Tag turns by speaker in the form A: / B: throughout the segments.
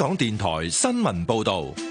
A: 香港電台新聞報道。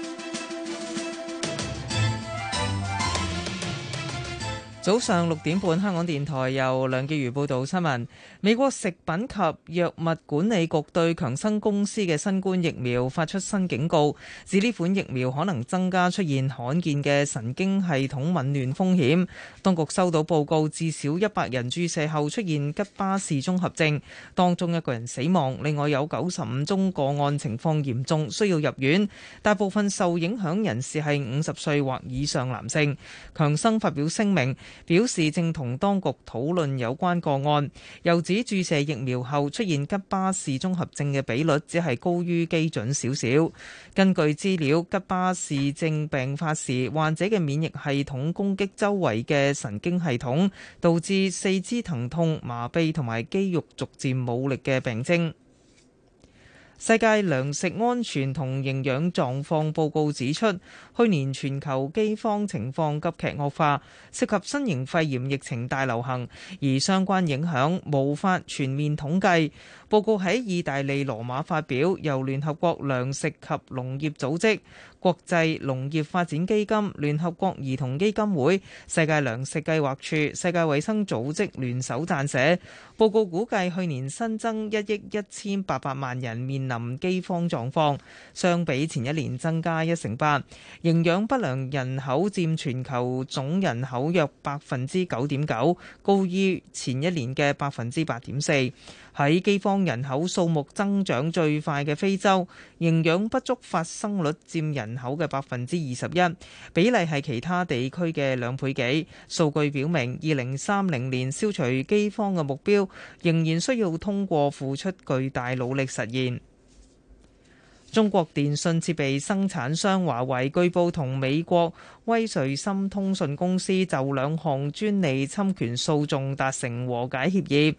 B: 早上六點半，香港電台由梁健如報導新聞。美國食品及藥物管理局對強生公司嘅新冠疫苗發出新警告，指呢款疫苗可能增加出現罕見嘅神經系統紊亂風險。當局收到報告，至少一百人注射後出現吉巴氏綜合症，當中一個人死亡，另外有九十五宗個案情況嚴重，需要入院。大部分受影響人士係五十歲或以上男性。強生發表聲明。表示正同當局討論有關個案，又指注射疫苗後出現吉巴氏綜合症嘅比率只係高於基準少少。根據資料，吉巴氏症病發時，患者嘅免疫系統攻擊周圍嘅神經系統，導致四肢疼痛、麻痺同埋肌肉逐漸冇力嘅病症。世界糧食安全同營養狀況報告指出，去年全球饑荒情況急劇惡化，涉及新型肺炎疫情大流行，而相關影響無法全面統計。報告喺意大利羅馬發表，由聯合國糧食及農業組織、國際農業發展基金、聯合國兒童基金會、世界糧食計劃處、世界衛生組織聯手撰寫報告，估計去年新增一億一千八百萬人面臨饑荒狀況，相比前一年增加一成八。營養不良人口佔全球總人口約百分之九點九，高於前一年嘅百分之八點四。喺饑荒人口數目增長最快嘅非洲，營養不足發生率佔人口嘅百分之二十一，比例係其他地區嘅兩倍幾。數據表明，二零三零年消除饑荒嘅目標仍然需要通過付出巨大努力實現。中國電信設備生產商華為據報同美國威瑞森通訊公司就兩項專利侵權訴訟達成和解協議。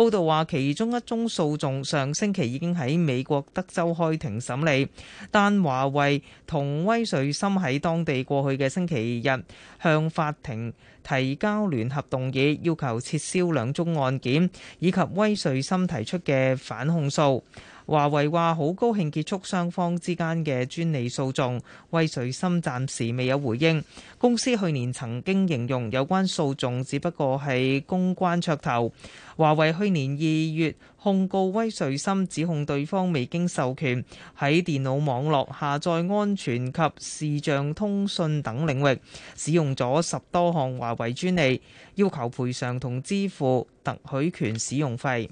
B: 報道話，其中一宗訴訟上星期已經喺美國德州開庭審理，但華為同威瑞森喺當地過去嘅星期日向法庭提交聯合動議，要求撤銷兩宗案件，以及威瑞森提出嘅反控訴。華為話好高興結束雙方之間嘅專利訴訟，威瑞森暫時未有回應。公司去年曾經形容有關訴訟只不過係公關噱頭。華為去年二月控告威瑞森，指控對方未經授權喺電腦網絡下載安全及視像通訊等領域使用咗十多項華為專利，要求賠償同支付特許權使用費。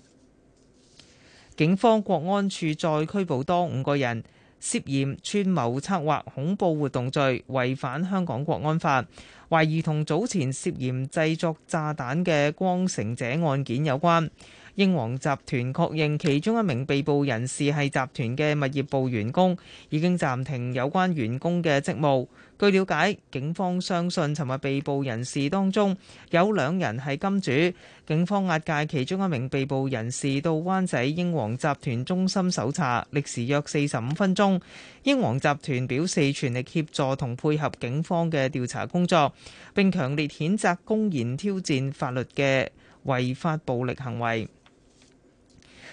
B: 警方國安處再拘捕多五個人，涉嫌串謀策劃恐怖活動罪，違反香港國安法，懷疑同早前涉嫌製作炸彈嘅光城者案件有關。英皇集團確認其中一名被捕人士係集團嘅物業部員工，已經暫停有關員工嘅職務。據了解，警方相信尋日被捕人士當中有兩人係金主。警方押解其中一名被捕人士到灣仔英皇集團中心搜查，歷時約四十五分鐘。英皇集團表示全力協助同配合警方嘅調查工作，並強烈譴責公然挑戰法律嘅違法暴力行為。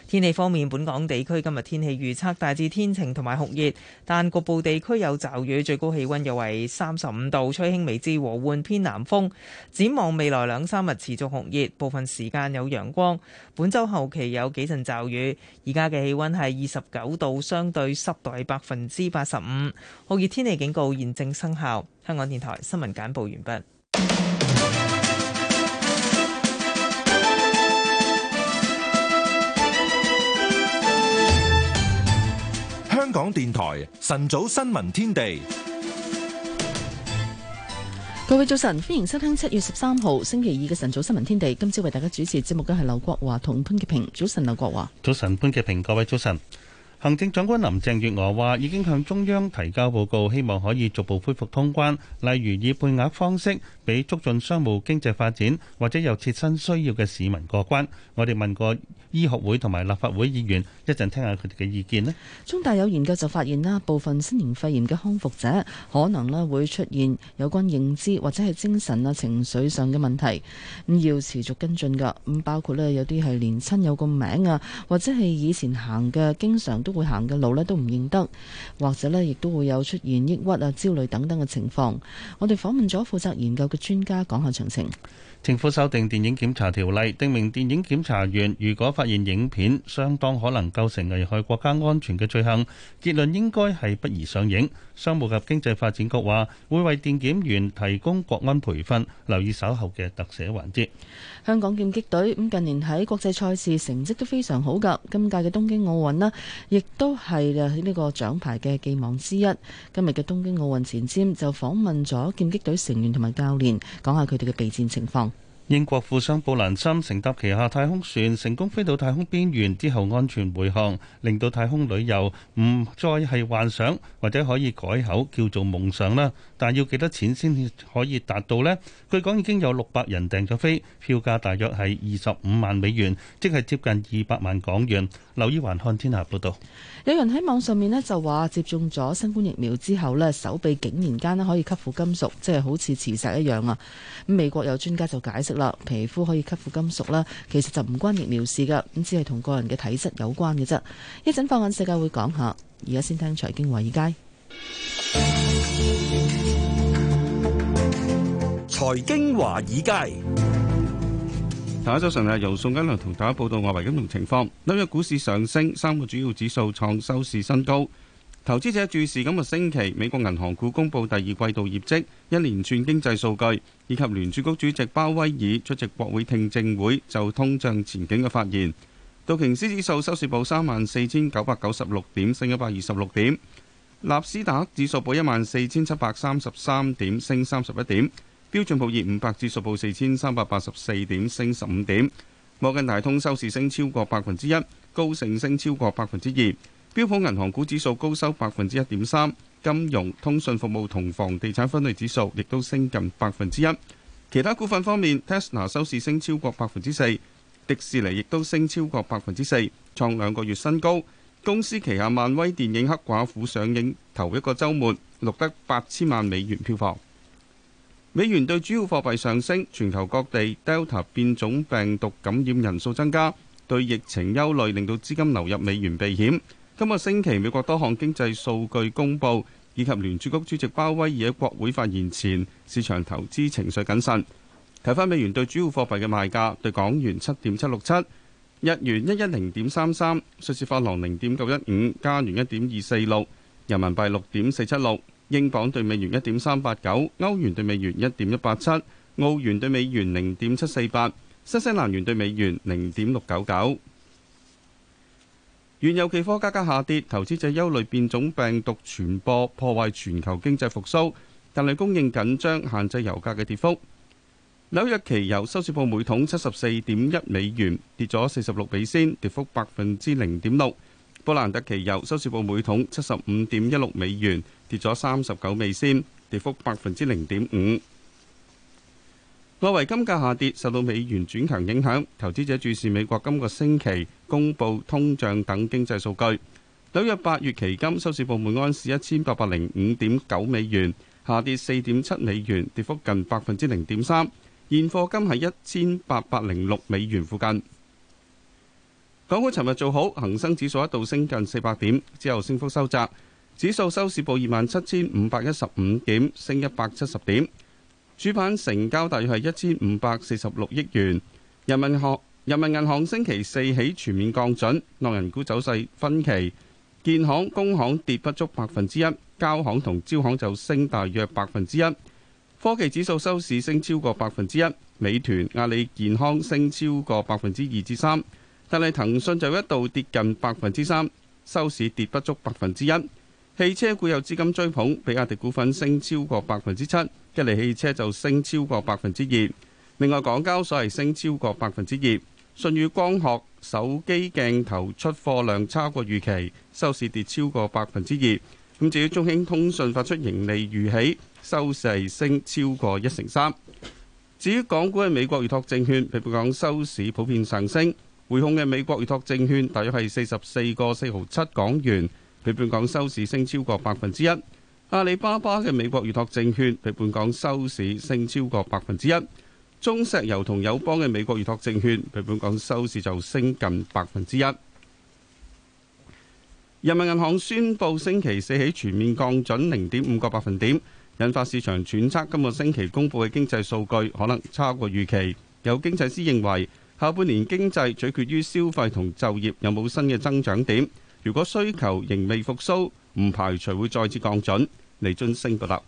B: 天氣方面，本港地區今日天，天氣預測大致天晴同埋酷熱，但局部地區有驟雨，最高氣溫約為三十五度，吹輕微至和緩偏南風。展望未來兩三日持續酷熱，部分時間有陽光。本周後期有幾陣驟雨。而家嘅氣溫係二十九度，相對濕度係百分之八十五，酷熱天氣警告現正生效。香港電台新聞簡報完畢。
A: 港電台晨早新聞天地，
C: 各位早晨，歡迎收聽七月十三號星期二嘅晨早新聞天地。今朝為大家主持節目嘅係劉國華同潘潔平。早晨，劉國華。
D: 早晨，潘潔平。各位早晨。行政長官林鄭月娥話，已經向中央提交報告，希望可以逐步恢復通關，例如以配額方式，俾促進商務經濟發展或者有切身需要嘅市民過關。我哋問過。醫學會同埋立法會議員，一陣聽下佢哋嘅意見呢。
C: 中大有研究就發現啦，部分新型肺炎嘅康復者可能呢會出現有關認知或者係精神啊情緒上嘅問題，咁要持續跟進噶。咁包括呢有啲係連親友個名啊，或者係以前行嘅經常都會行嘅路呢都唔認得，或者呢亦都會有出現抑鬱啊焦慮等等嘅情況。我哋訪問咗負責研究嘅專家，講下詳情。
D: 政府修訂電影檢查條例，訂明電影檢查員如果發現影片相當可能構成危害國家安全嘅罪行，結論應該係不宜上映。商務及經濟發展局話，會為電檢員提供國安培訓，留意稍後嘅特寫環節。
C: 香港劍擊隊咁近年喺國際賽事成績都非常好噶，今屆嘅東京奧運啦，亦都係誒呢個獎牌嘅寄望之一。今日嘅東京奧運前瞻就訪問咗劍擊隊成員同埋教練，講下佢哋嘅備戰情況。
D: 英國富商布蘭森乘搭旗下太空船成功飛到太空邊緣之後安全回航，令到太空旅遊唔再係幻想，或者可以改口叫做夢想啦。但要幾多錢先可以達到呢？據講已經有六百人訂咗飛，票價大約係二十五萬美元，即係接近二百萬港元。
C: 留意環看天下報道，有人喺網上面咧就話接種咗新冠疫苗之後咧，手臂竟然間咧可以吸附金屬，即係好似磁石一樣啊！咁美國有專家就解釋。啦，皮膚可以吸附金屬啦，其實就唔關疫苗事噶，咁只係同個人嘅體質有關嘅啫。一陣放眼世界會講下，而家先聽財經華爾街。
A: 財經華爾街，
E: 大家早晨啊，由宋金良同大家報道外圍金融情況。今日股市上升，三個主要指數創收市新高。投資者注視今日星期，美國銀行股公布第二季度業績，一連串經濟數據以及聯儲局主席鮑威爾出席國會聽證會就通脹前景嘅發言。道瓊斯指數收市報三萬四千九百九十六點，升一百二十六點。納斯達克指數報一萬四千七百三十三點，升三十一點。標準普爾五百指數報四千三百八十四點，升十五點。摩根大通收市升超過百分之一，高盛升超過百分之二。標普銀行股指數高收百分之一點三，金融、通訊服務同房地產分類指數亦都升近百分之一。其他股份方面，Tesla 收市升超過百分之四，迪士尼亦都升超過百分之四，創兩個月新高。公司旗下漫威電影《黑寡婦》上映頭一個周末，錄得八千萬美元票房。美元對主要貨幣上升，全球各地 Delta 變種病毒感染人數增加，對疫情憂慮令到資金流入美元避險。今個星期，美國多項經濟數據公佈，以及聯儲局主席鮑威爾喺國會發言前，市場投資情緒謹慎。睇返美元對主要貨幣嘅賣價：對港元七點七六七，日元一一零點三三，瑞士法郎零點九一五，加元一點二四六，人民幣六點四七六，英鎊對美元一點三八九，歐元對美元一點一八七，澳元對美元零點七四八，新西蘭元對美元零點六九九。原油期貨價格下跌，投資者憂慮變種病毒傳播破壞全球經濟復甦，但係供應緊張限制油價嘅跌幅。紐約期油收市報每桶七十四點一美元，跌咗四十六美仙，跌幅百分之零點六。布蘭特期油收市報每桶七十五點一六美元，跌咗三十九美仙，跌幅百分之零點五。外圍金價下跌，受到美元轉強影響，投資者注視美國今個星期公布通脹等經濟數據。紐約八月期金收市報每安士一千八百零五點九美元，下跌四點七美元，跌幅近百分之零點三。現貨金係一千八百零六美元附近。港股尋日做好，恒生指數一度升近四百點，之後升幅收窄，指數收市報二萬七千五百一十五點，升一百七十點。主板成交大約係一千五百四十六億元。人民行、人民銀行星期四起全面降準，內銀股走勢分歧。建行、工行跌不足百分之一，交行同招行就升大約百分之一。科技指數收市升超過百分之一，美團、阿里健康升超過百分之二至三，但係騰訊就一度跌近百分之三，收市跌不足百分之一。汽車股有資金追捧，比亞迪股份升超過百分之七。吉利汽車就升超過百分之二，另外港交所係升超過百分之二。舜宇光學手機鏡頭出貨量超過預期，收市跌超過百分之二。咁至於中興通訊發出盈利預喜，收市升超過一成三。至於港股嘅美國預託證券，譬如講收市普遍上升。匯控嘅美國預託證券大約係四十四個四毫七港元，譬如講收市升超過百分之一。阿里巴巴嘅美國預託證券被本港收市升超過百分之一，中石油同友邦嘅美國預託證券被本港收市就升近百分之一。人民銀行宣布星期四起全面降準零點五個百分點，引發市場揣測今個星期公布嘅經濟數據可能超過預期。有經濟師認為，下半年經濟取決於消費同就業有冇新嘅增長點，如果需求仍未復蘇。唔排除會再次降準，嚟進升個喇。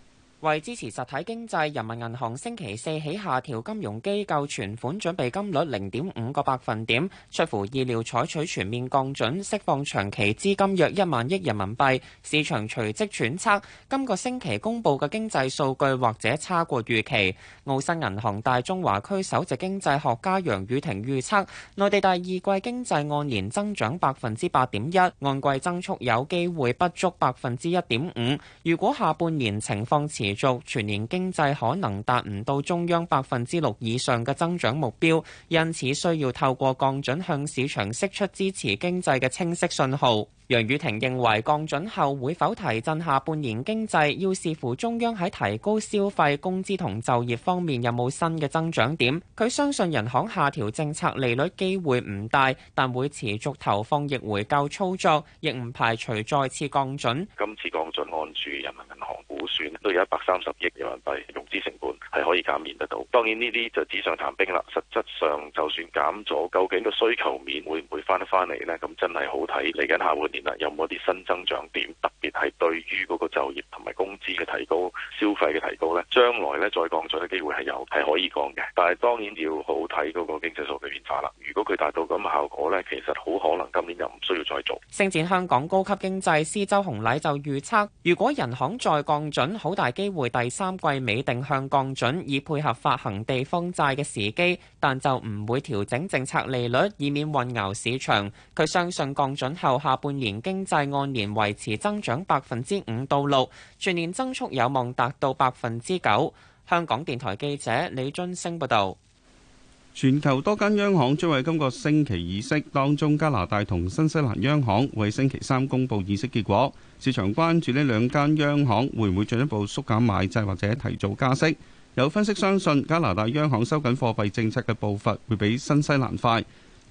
F: 為支持實體經濟，人民銀行星期四起下調金融機構存款準備金率零點五個百分點，出乎意料採取全面降準，釋放長期資金約一萬億人民幣。市場隨即揣測，今個星期公布嘅經濟數據或者差過預期。澳新銀行大中華區首席經濟學家楊宇霆預測，內地第二季經濟按年增長百分之八點一，按季增速有機會不足百分之一點五。如果下半年情況持，持續全年經濟可能達唔到中央百分之六以上嘅增長目標，因此需要透過降準向市場釋出支持經濟嘅清晰信號。楊雨婷認為降準後會否提振下半年經濟，要視乎中央喺提高消費、工資同就業方面有冇新嘅增長點。佢相信人行下調政策利率機會唔大，但會持續投放逆回購操作，亦唔排除再次降準。今次降準按
G: 住人民銀行估算都有一百三十億人民幣，融資成本係可以減免得到，當然呢啲就紙上談兵啦。實質上就算減咗，究竟個需求面會唔會翻得翻嚟呢？咁真係好睇嚟緊下半年。有冇啲新增長點，特別係對於嗰個就業同埋工資嘅提高、消費嘅提高咧，將來咧再降準嘅機會係有，係可以降嘅。但係當然要好睇嗰個經濟數據變化啦。如果佢達到咁嘅效果咧，其實好可能今年就唔需要
F: 再做。星展香港高級經濟師周紅禮就預測，如果人行再降準好大機會第三季尾定向降準，以配合發行地方債嘅時機，但就唔會調整政策利率，以免混淆市場，佢相信降準後下半年。經濟年經濟按年維持增長百分之五到六，全年增速有望達到百分之九。香港電台記者李津升報道。
E: 全球多間央行將喺今個星期議息，當中加拿大同新西蘭央行為星期三公佈議息結果。市場關注呢兩間央行會唔會進一步縮減買債或者提早加息。有分析相信加拿大央行收緊貨幣政策嘅步伐會比新西蘭快，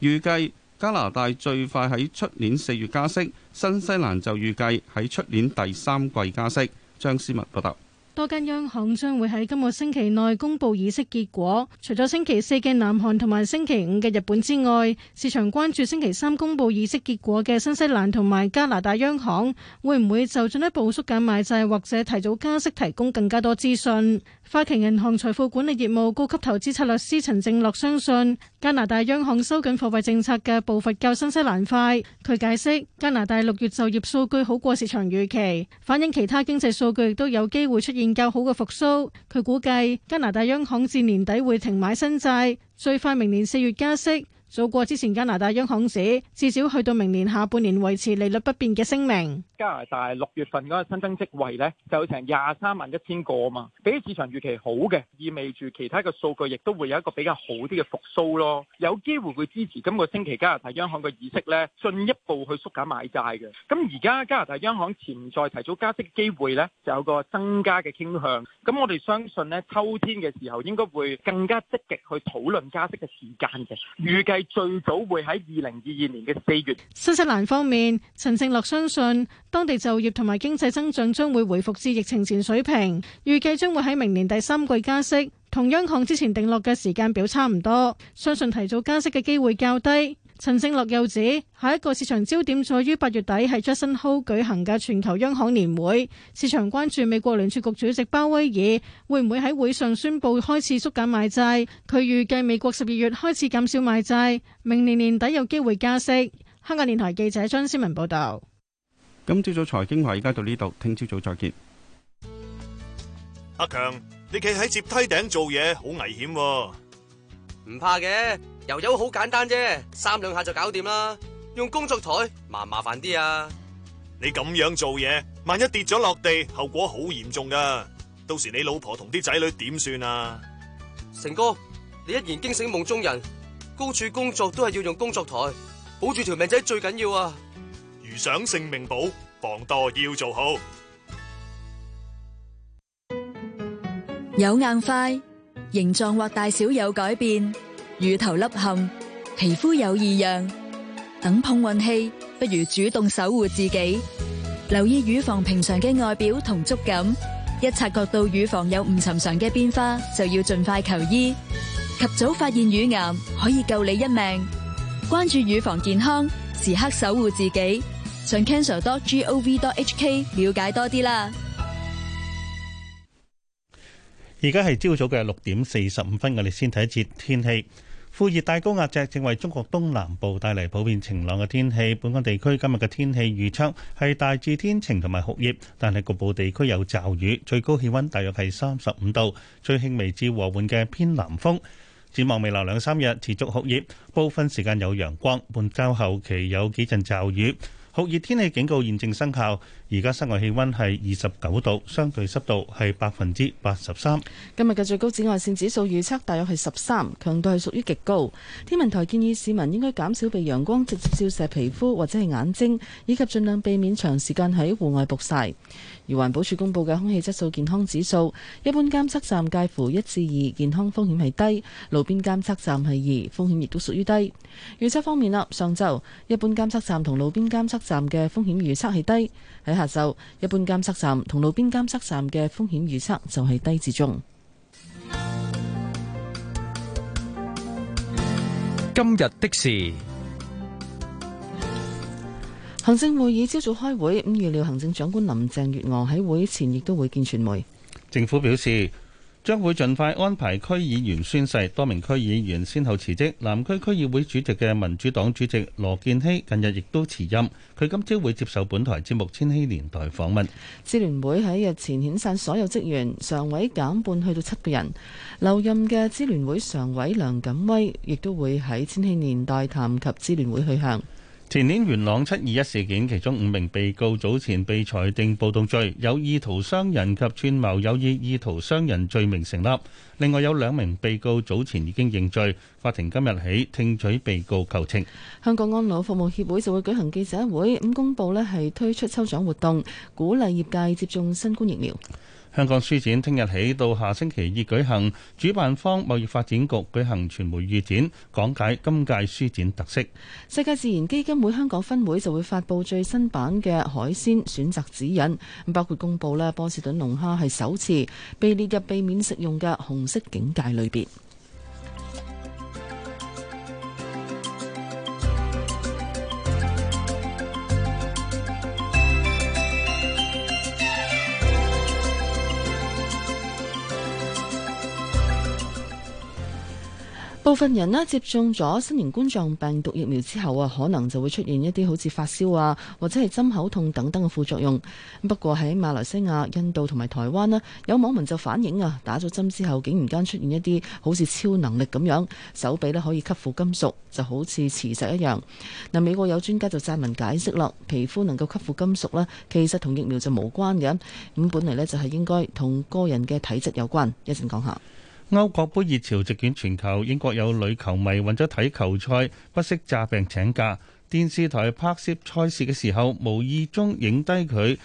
E: 預計。加拿大最快喺出年四月加息，新西蘭就預計喺出年第三季加息。張思文報道，
H: 多間央行將會喺今個星期內公布議息結果，除咗星期四嘅南韓同埋星期五嘅日本之外，市場關注星期三公布議息結果嘅新西蘭同埋加拿大央行會唔會就進一步縮減買債或者提早加息提供更加多資訊。花旗銀行財富管理業務高級投資策略師陳正樂相信加拿大央行收緊貨幣政策嘅步伐較新西蘭快。佢解釋加拿大六月就業數據好過市場預期，反映其他經濟數據亦都有機會出現較好嘅復甦。佢估計加拿大央行至年底會停買新債，最快明年四月加息。做過之前加拿大央行指至少去到明年下半年維持利率不變嘅聲明。
I: 加拿大六月份嗰個新增職位咧就有成廿三萬一千個啊嘛，比起市場預期好嘅，意味住其他嘅數據亦都會有一個比較好啲嘅復甦咯，有機會會支持今個星期加拿大央行嘅意識咧進一步去縮減買債嘅。咁而家加拿大央行潛在提早加息嘅機會咧就有個增加嘅傾向。咁我哋相信咧秋天嘅時候應該會更加積極去討論加息嘅時間嘅，預計。係最早會喺二零二二年嘅四月。
H: 新西蘭方面，陳正樂相信當地就業同埋經濟增長將會回復至疫情前水平，預計將會喺明年第三季加息，同央行之前定落嘅時間表差唔多，相信提早加息嘅機會較低。陳正樂又指，下一個市場焦點在於八月底係傑克遜霍爾舉行嘅全球央行年會，市場關注美國聯儲局主席鮑威爾會唔會喺會上宣布開始縮減買債。佢預計美國十二月開始減少買債，明年年底有機會加息。香港電台記者張思文報道。
E: 今朝早財經話，而家到呢度，聽朝早再見。
J: 阿強，你企喺接梯頂做嘢，好危險，哦。唔怕嘅，油油好簡單啫，三兩下就搞掂啦。用工作台
A: 麻唔麻煩啲啊？你咁樣做嘢，萬一跌咗落地，後果好嚴重噶。到時你老婆同啲仔女點算啊？成哥，你一
J: 言驚醒夢中人，高處工作都係要用工作台，保住條命仔最緊要啊。
K: 如想性命保，防墮要做好，
L: 有硬塊形狀或大小有改變，乳頭凹陷，皮膚有異樣，等碰運氣，不如主動守護自己，留意乳房平常嘅外表同觸感。一察覺到乳房有唔尋常嘅變化，就要盡快求醫，及早發現乳癌，可以救你一命。關注乳房健康，時刻守護自己。上 cancer.gov.hk 了解多啲啦。
D: 而家係朝早嘅六點四十五分，我哋先睇一節天氣。副熱帶高壓脊正為中國東南部帶嚟普遍晴朗嘅天氣。本港地區今日嘅天氣預測係大致天晴同埋酷熱，但係局部地區有驟雨。最高氣溫大約係三十五度，最輕微至和緩嘅偏南風。展望未來兩三日持續酷熱，部分時間有陽光，半晝後期有幾陣驟雨。酷熱天氣警告現正生效。而家室外氣溫係二十九度，相對濕度係百分之八十三。
C: 今日嘅最高紫外線指數預測大約係十三，強度係屬於極高。天文台建議市民應該減少被陽光直接照射皮膚或者係眼睛，以及盡量避免長時間喺戶外曝曬。而環保署公布嘅空氣質素健康指數，一般監測站介乎一至二，健康風險係低；路邊監測站係二，風險亦都屬於低。預測方面啦，上晝一般監測站同路邊監測站嘅風險預測係低。喺下晝，一般監測站同路邊監測站嘅風險預測就係低至中。今日的事，行政會議朝早開會，咁預料行政長官林鄭月娥喺會前亦都會見傳媒。
D: 政府表示。將會盡快安排區議員宣誓，多名區議員先後辭職，南區區議會主席嘅民主黨主席羅健熙近日亦都辭任，佢今朝會接受本台節目《千禧年代》訪問。
C: 支聯會喺日前遣散所有職員，常委減半去到七個人，留任嘅支聯會常委梁錦威亦都會喺《千禧年代》談及支聯會去向。前年元朗
D: 七二一事件，其中五名被告早前被裁定暴動罪、有意圖傷人及串謀有意意圖傷人罪名成立。另外有兩名被告早前已經認罪。法庭今日起聽取被告求情。
C: 香港安老服務協會就會舉行記者會，咁公布咧係推出抽獎活動，鼓勵業界接種新冠疫苗。
D: 香港書展聽日起到下星期二舉行，主辦方貿易發展局舉行傳媒預展，講解今屆書展特色。
C: 世界自然基金會香港分會就會發布最新版嘅海鮮選擇指引，包括公布波士頓龍蝦係首次被列入避免食用嘅紅色警戒類別。部分人呢、啊、接種咗新型冠狀病毒疫苗之後啊，可能就會出現一啲好似發燒啊，或者係針口痛等等嘅副作用。不過喺馬來西亞、印度同埋台灣呢、啊，有網民就反映啊，打咗針之後，竟然間出現一啲好似超能力咁樣，手臂呢可以吸附金屬，就好似磁石一樣。嗱，美國有專家就撰文解釋啦，皮膚能夠吸附金屬呢，其實同疫苗就無關嘅。咁本嚟呢，就係、是、應該同個人嘅體質有關。一陣講下。
D: 歐國杯熱潮席捲全球，英國有女球迷為咗睇球賽不惜詐病請假。電視台拍攝賽事嘅時候，無意中影低佢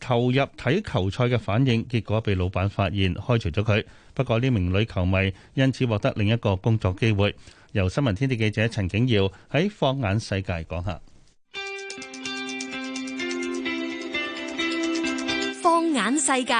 D: 投入睇球賽嘅反應，結果被老闆發現開除咗佢。不過呢名女球迷因此獲得另一個工作機會。由新聞天地記者陳景耀喺《放眼世界》講下
A: 《放眼世界》。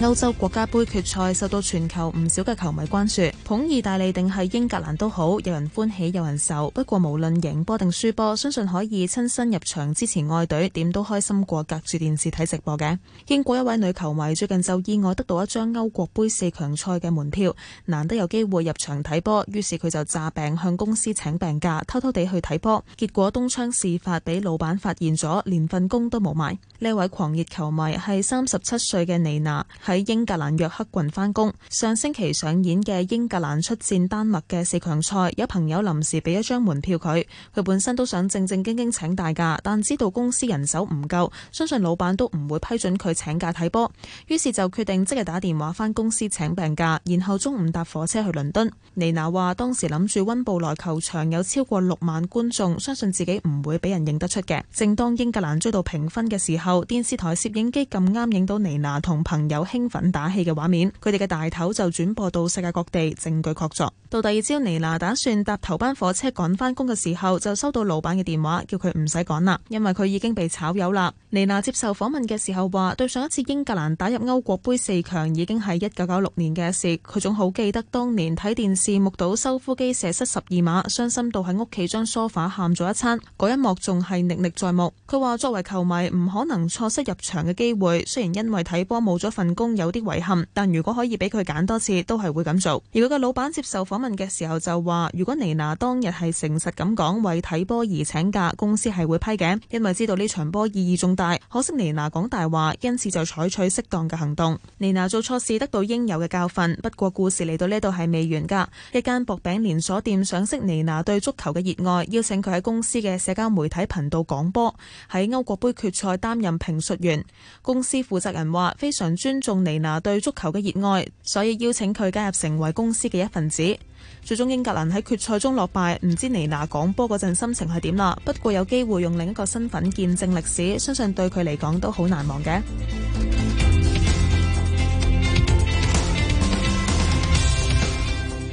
L: 歐洲國家盃決賽受到全球唔少嘅球迷關注，捧意大利定係英格蘭都好，有人歡喜有人愁。不過無論贏波定輸波，相信可以親身入場支持愛隊，點都開心過隔住電視睇直播嘅。英國一位女球迷最近就意外得到一張歐國盃四強賽嘅門票，難得有機會入場睇波，於是佢就詐病向公司請病假，偷偷地去睇波。結果東窗事發俾老闆發現咗，連份工都冇埋。呢位狂熱球迷係三十七歲嘅尼娜。喺英格蘭約克郡返工，上星期上演嘅英格蘭出戰丹麥嘅四強賽，有朋友臨時俾一張門票佢，佢本身都想正正經經請大假，但知道公司人手唔夠，相信老闆都唔會批准佢請假睇波，於是就決定即日打電話返公司請病假，然後中午搭火車去倫敦。尼娜話當時諗住溫布萊球場有超過六萬觀眾，相信自己唔會俾人認得出嘅。正當英格蘭追到平分嘅時候，電視台攝影機咁啱影到尼娜同朋友興奮打氣嘅畫面，佢哋嘅大頭就轉播到世界各地，證據確鑿。到第二朝，尼娜打算搭頭班火車趕返工嘅時候，就收到老闆嘅電話，叫佢唔使趕啦，因為佢已經被炒魷啦。尼娜接受訪問嘅時候話，對上一次英格蘭打入歐國杯四強已經係一九九六年嘅事，佢仲好記得當年睇電視目睹收夫機射失十二碼，傷心到喺屋企將梳化喊咗一餐，嗰一幕仲係歷歷在目。佢話作為球迷唔可能錯失入場嘅機會，雖然因為睇波冇咗份工。有啲遺憾，但如果可以俾佢揀多次，都係會咁做。而佢嘅老闆接受訪問嘅時候就話：如果妮娜當日係誠實咁講為睇波而請假，公司係會批嘅，因為知道呢場波意義重大。可惜妮娜講大話，因此就採取適當嘅行動。妮娜做錯事得到應有嘅教訓。不過故事嚟到呢度係未完噶，一間薄餅連鎖店賞識妮娜對足球嘅熱愛，邀請佢喺公司嘅社交媒體頻道講波，喺歐國盃決賽擔任評述員。公司負責人話：非常尊重。尼娜對足球嘅熱愛，所以邀請佢加入成為公司嘅一份子。最終英格蘭喺決賽中落敗，唔知尼娜講波嗰陣心情係點啦。不過有機會用另一個身份見證歷史，相信對佢嚟講都好難忘嘅。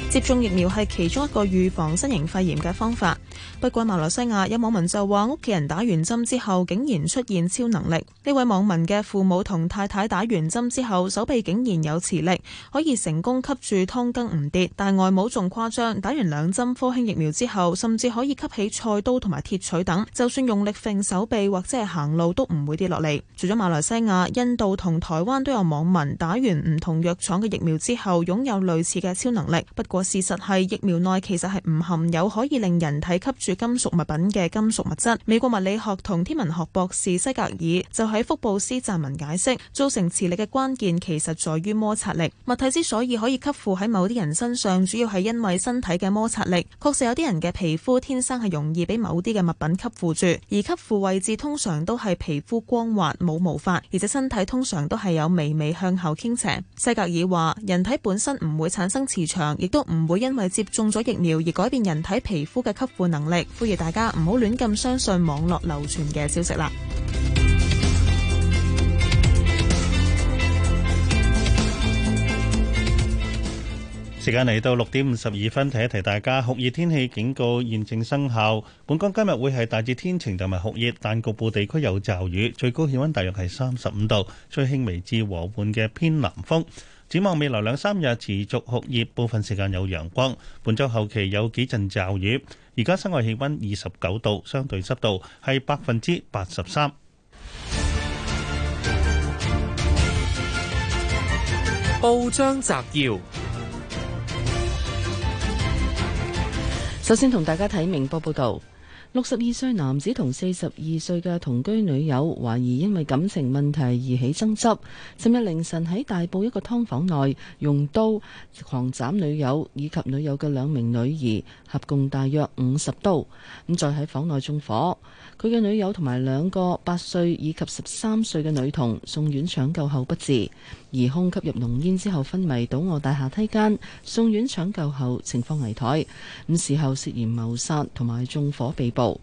L: 接種疫苗係其中一個預防新型肺炎嘅方法。不過馬來西亞有網民就話屋企人打完針之後竟然出現超能力，呢位網民嘅父母同太太打完針之後手臂竟然有磁力，可以成功吸住湯羹唔跌。但外母仲誇張，打完兩針科興疫苗之後，甚至可以吸起菜刀同埋鐵錘等，就算用力揈手臂或者係行路都唔會跌落嚟。除咗馬來西亞，印度同台灣都有網民打完唔同藥廠嘅疫苗之後擁有類似嘅超能力，不過事實係疫苗內其實係唔含有可以令人體吸住住金屬物品嘅金屬物質，美國物理學同天文學博士西格爾就喺福布斯撰文解釋，造成磁力嘅關鍵其實在於摩擦力。物體之所以可以吸附喺某啲人身上，主要係因為身體嘅摩擦力。確實有啲人嘅皮膚天生係容易俾某啲嘅物品吸附住，而吸附位置通常都係皮膚光滑冇毛髮，而且身體通常都係有微微向後傾斜。西格爾話：人體本身唔會產生磁場，亦都唔會因為接種咗疫苗而改變人體皮膚嘅吸附能力。呼籲大家唔好亂咁相信網絡流傳嘅消息啦。
D: 時間嚟到六點五十二分，提一提大家，酷熱天氣警告現正生效。本港今日會係大致天晴同埋酷熱，但局部地區有驟雨，最高氣温大約係三十五度，吹輕微至和緩嘅偏南風。展望未來兩三日持續酷熱，部分時間有陽光。本周後期有幾陣驟雨。而家室外氣溫二十九度，相對濕度係百分之八十三。
K: 報章摘要，
C: 首先同大家睇明報報道。六十二歲男子同四十二歲嘅同居女友，懷疑因為感情問題而起爭執，尋日凌晨喺大埔一個劏房內用刀狂斬女友以及女友嘅兩名女兒，合共大約五十刀，咁再喺房內縱火。佢嘅女友同埋兩個八歲以及十三歲嘅女童送院搶救後不治。疑兇吸入濃煙之後昏迷，倒卧大廈梯間，送院搶救後情況危殆。咁事後涉嫌謀殺同埋縱火被捕。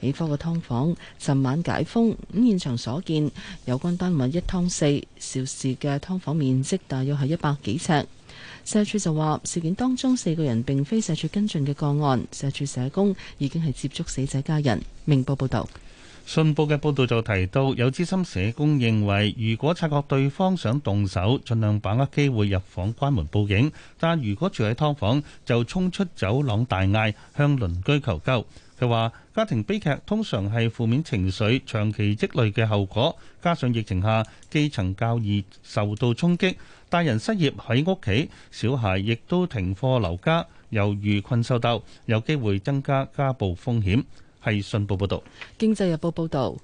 C: 起火嘅劏房尋晚解封，咁現場所見，有關單位一劏四，肇事嘅劏房面積大約係一百幾尺。社署就話，事件當中四個人並非社署跟進嘅個案，社署社工已經係接觸死者家人。明報報道。
D: 信報嘅報導就提到，有資深社工認為，如果察覺對方想動手，盡量把握機會入房關門報警；但如果住喺劏房，就衝出走廊大嗌，向鄰居求救。佢話：家庭悲劇通常係負面情緒長期積累嘅後果，加上疫情下基層較易受到衝擊，大人失業喺屋企，小孩亦都停課留家，又遇困獸鬥，有機會增加家暴風險。係信報報道，
C: 《經濟日報》報道，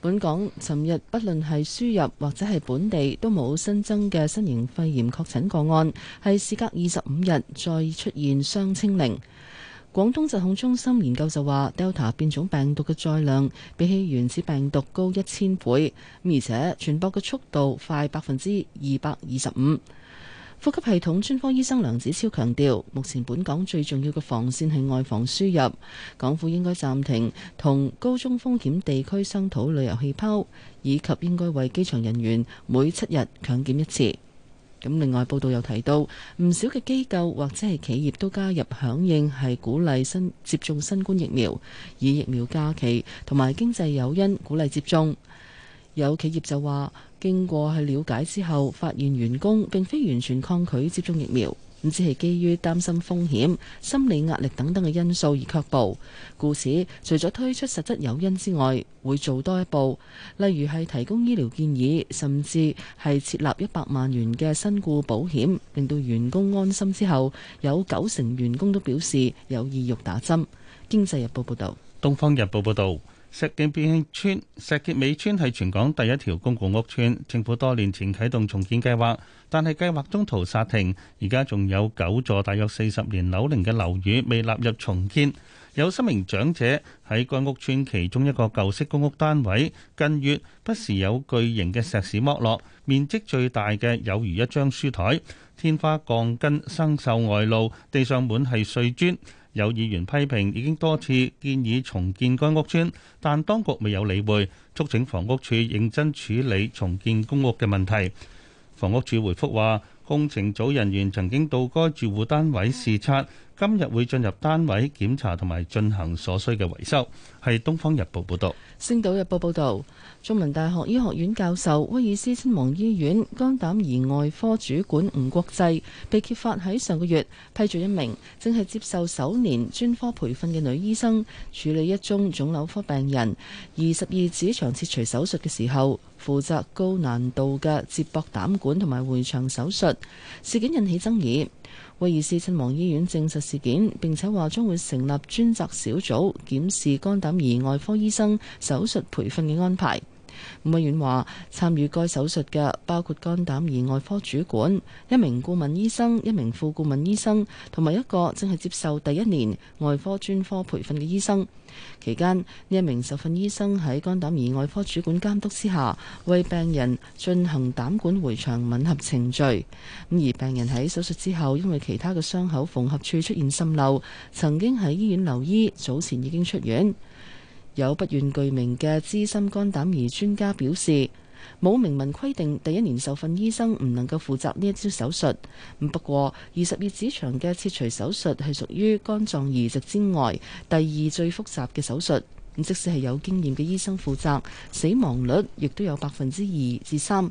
C: 本港尋日不論係輸入或者係本地，都冇新增嘅新型肺炎確診個案，係事隔二十五日再出現雙清零。廣東疾控中心研究就話，Delta 變種病毒嘅載量比起原始病毒高一千倍，咁而且傳播嘅速度快百分之二百二十五。呼吸系統專科醫生梁子超強調，目前本港最重要嘅防線係外防輸入，港府應該暫停同高中風險地區商討旅遊氣泡，以及應該為機場人員每七日強檢一次。咁另外，報道又提到，唔少嘅機構或者係企業都加入響應，係鼓勵新接種新冠疫苗，以疫苗假期同埋經濟誘因鼓勵接種。有企業就話，經過去了解之後，發現員工並非完全抗拒接種疫苗，只係基於擔心風險、心理壓力等等嘅因素而卻步。故此，除咗推出實質誘因之外，會做多一步，例如係提供醫療建議，甚至係設立一百萬元嘅身故保險，令到員工安心。之後，有九成員工都表示有意欲打針。經濟日報報道。
D: 東方日報報導。石硤尾邨、石硤尾邨係全港第一條公共屋邨，政府多年前啟動重建計劃，但係計劃中途煞停，而家仲有九座大約四十年樓齡嘅樓宇未納入重建。有十名長者喺該屋邨其中一個舊式公屋單位，近月不時有巨型嘅石屎剝落，面積最大嘅有如一張書台，天花鋼筋生銹外露，地上滿係碎磚。有議員批評已經多次建議重建該屋村，但當局未有理會，促請房屋署認真處理重建公屋嘅問題。房屋署回覆話，工程組人員曾經到該住戶單位視察。今日會進入單位檢查同埋進行所需嘅維修，係《東方日報》報導，
C: 《星島日報》報導，中文大學醫學院教授威爾斯親王醫院肝膽胰外科主管吳國際被揭發喺上個月批准一名正係接受首年專科培訓嘅女醫生處理一宗腫瘤科病人二十二指腸切除手術嘅時候，負責高難度嘅接駁膽管同埋回腸手術，事件引起爭議。威爾斯親王醫院證實事件，並且話將會成立專責小組檢視肝膽胰外科醫生手術培訓嘅安排。伍慧苑話：參與該手術嘅包括肝膽胰外科主管、一名顧問醫生、一名副顧問醫生同埋一個正係接受第一年外科專科培訓嘅醫生。期間，呢一名受訓醫生喺肝膽胰外科主管監督之下，為病人進行膽管回腸吻合程序。咁而病人喺手術之後，因為其他嘅傷口縫合處出現滲漏，曾經喺醫院留醫，早前已經出院。有不願具名嘅資深肝膽胰專家表示，冇明文規定第一年受訓醫生唔能夠負責呢一招手術。咁不過，二十二指腸嘅切除手術係屬於肝臟移植之外第二最複雜嘅手術。咁即使係有經驗嘅醫生負責，死亡率亦都有百分之二至三。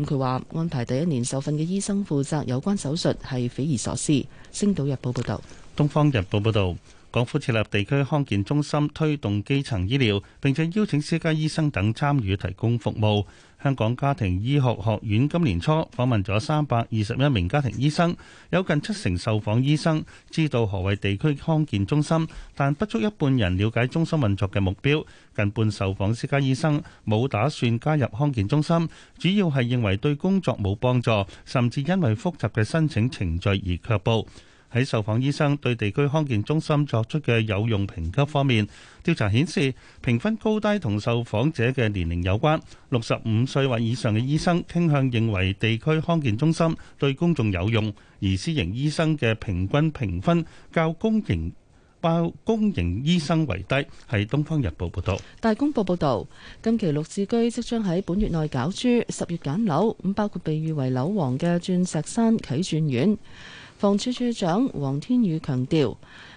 C: 咁佢話安排第一年受訓嘅醫生負責有關手術係匪夷所思。《星島日報》報道，《
D: 東方日報》報道。港府設立地區康健中心，推動基層醫療，並且邀請私家醫生等參與提供服務。香港家庭醫學學院今年初訪問咗三百二十一名家庭醫生，有近七成受訪醫生知道何謂地區康健中心，但不足一半人了解中心運作嘅目標。近半受訪私家醫生冇打算加入康健中心，主要係認為對工作冇幫助，甚至因為複雜嘅申請程序而卻步。喺受訪醫生對地區康健中心作出嘅有用評級方面，調查顯示評分高低同受訪者嘅年齡有關。六十五歲或以上嘅醫生傾向認為地區康健中心對公眾有用，而私營醫生嘅平均評分較公營較公營醫生為低。係《東方日報》報道。
C: 《大公報》報道，近期六字居即將喺本月內攪珠，十月揀樓，咁包括被譽為樓王嘅鑽石山啟鑽苑。房署署長黃天宇強調，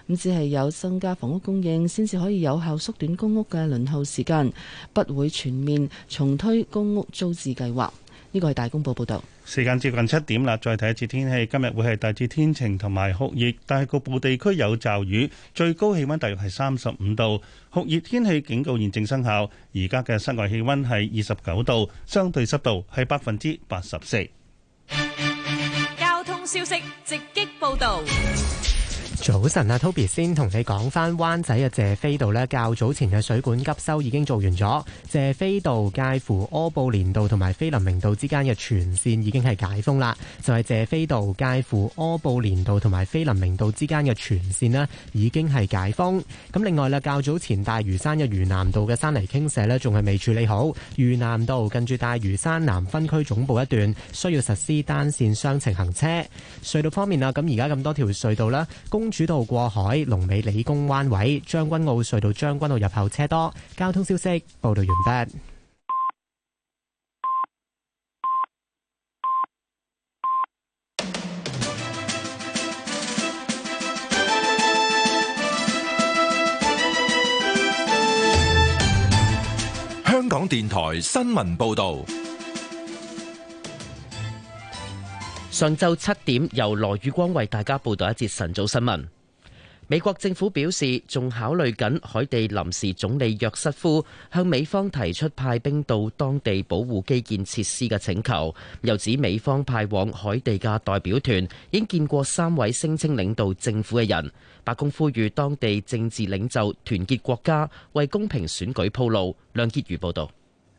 C: 咁只係有增加房屋供應，先至可以有效縮短公屋嘅輪候時間，不會全面重推公屋租置計劃。呢個係大公報報道。
D: 時間接近七點啦，再睇一次天氣。今日會係大致天晴同埋酷熱，但係局部地區有驟雨。最高氣温大約係三十五度，酷熱天氣警告現正生效。而家嘅室外氣温係二十九度，相對濕度係百分之八十四。
H: 消息直擊報導。
M: 早晨啊，Toby 先同你講翻灣仔嘅謝斐道呢，較早前嘅水管急修已經做完咗。謝斐道介乎柯布連道同埋菲林明道之間嘅全線已經係解封啦。就係、是、謝斐道介乎柯布連道同埋菲林明道之間嘅全線呢，已經係解封。咁另外啦，較早前大嶼山嘅嶼南道嘅山泥傾瀉呢仲係未處理好。嶼南道近住大嶼山南分區總部一段，需要實施單線雙程行車。隧道方面啊，咁而家咁多條隧道啦，公主道過海，龍尾理工灣位，將軍澳隧道將軍澳入口車多。交通消息報道完畢。
A: 香港電台新聞報道。上晝七點，由
J: 羅宇光為大家報道一節晨早新聞。美國政府表示，仲考慮緊海地臨時總理約瑟夫向美方提出派兵到當地保護基建設施嘅請求。又指美方派往海地嘅代表團已經見過三位聲稱領導政府嘅人。白宮呼籲當地政治領袖團結國家，為公平選舉鋪路。梁潔如報道。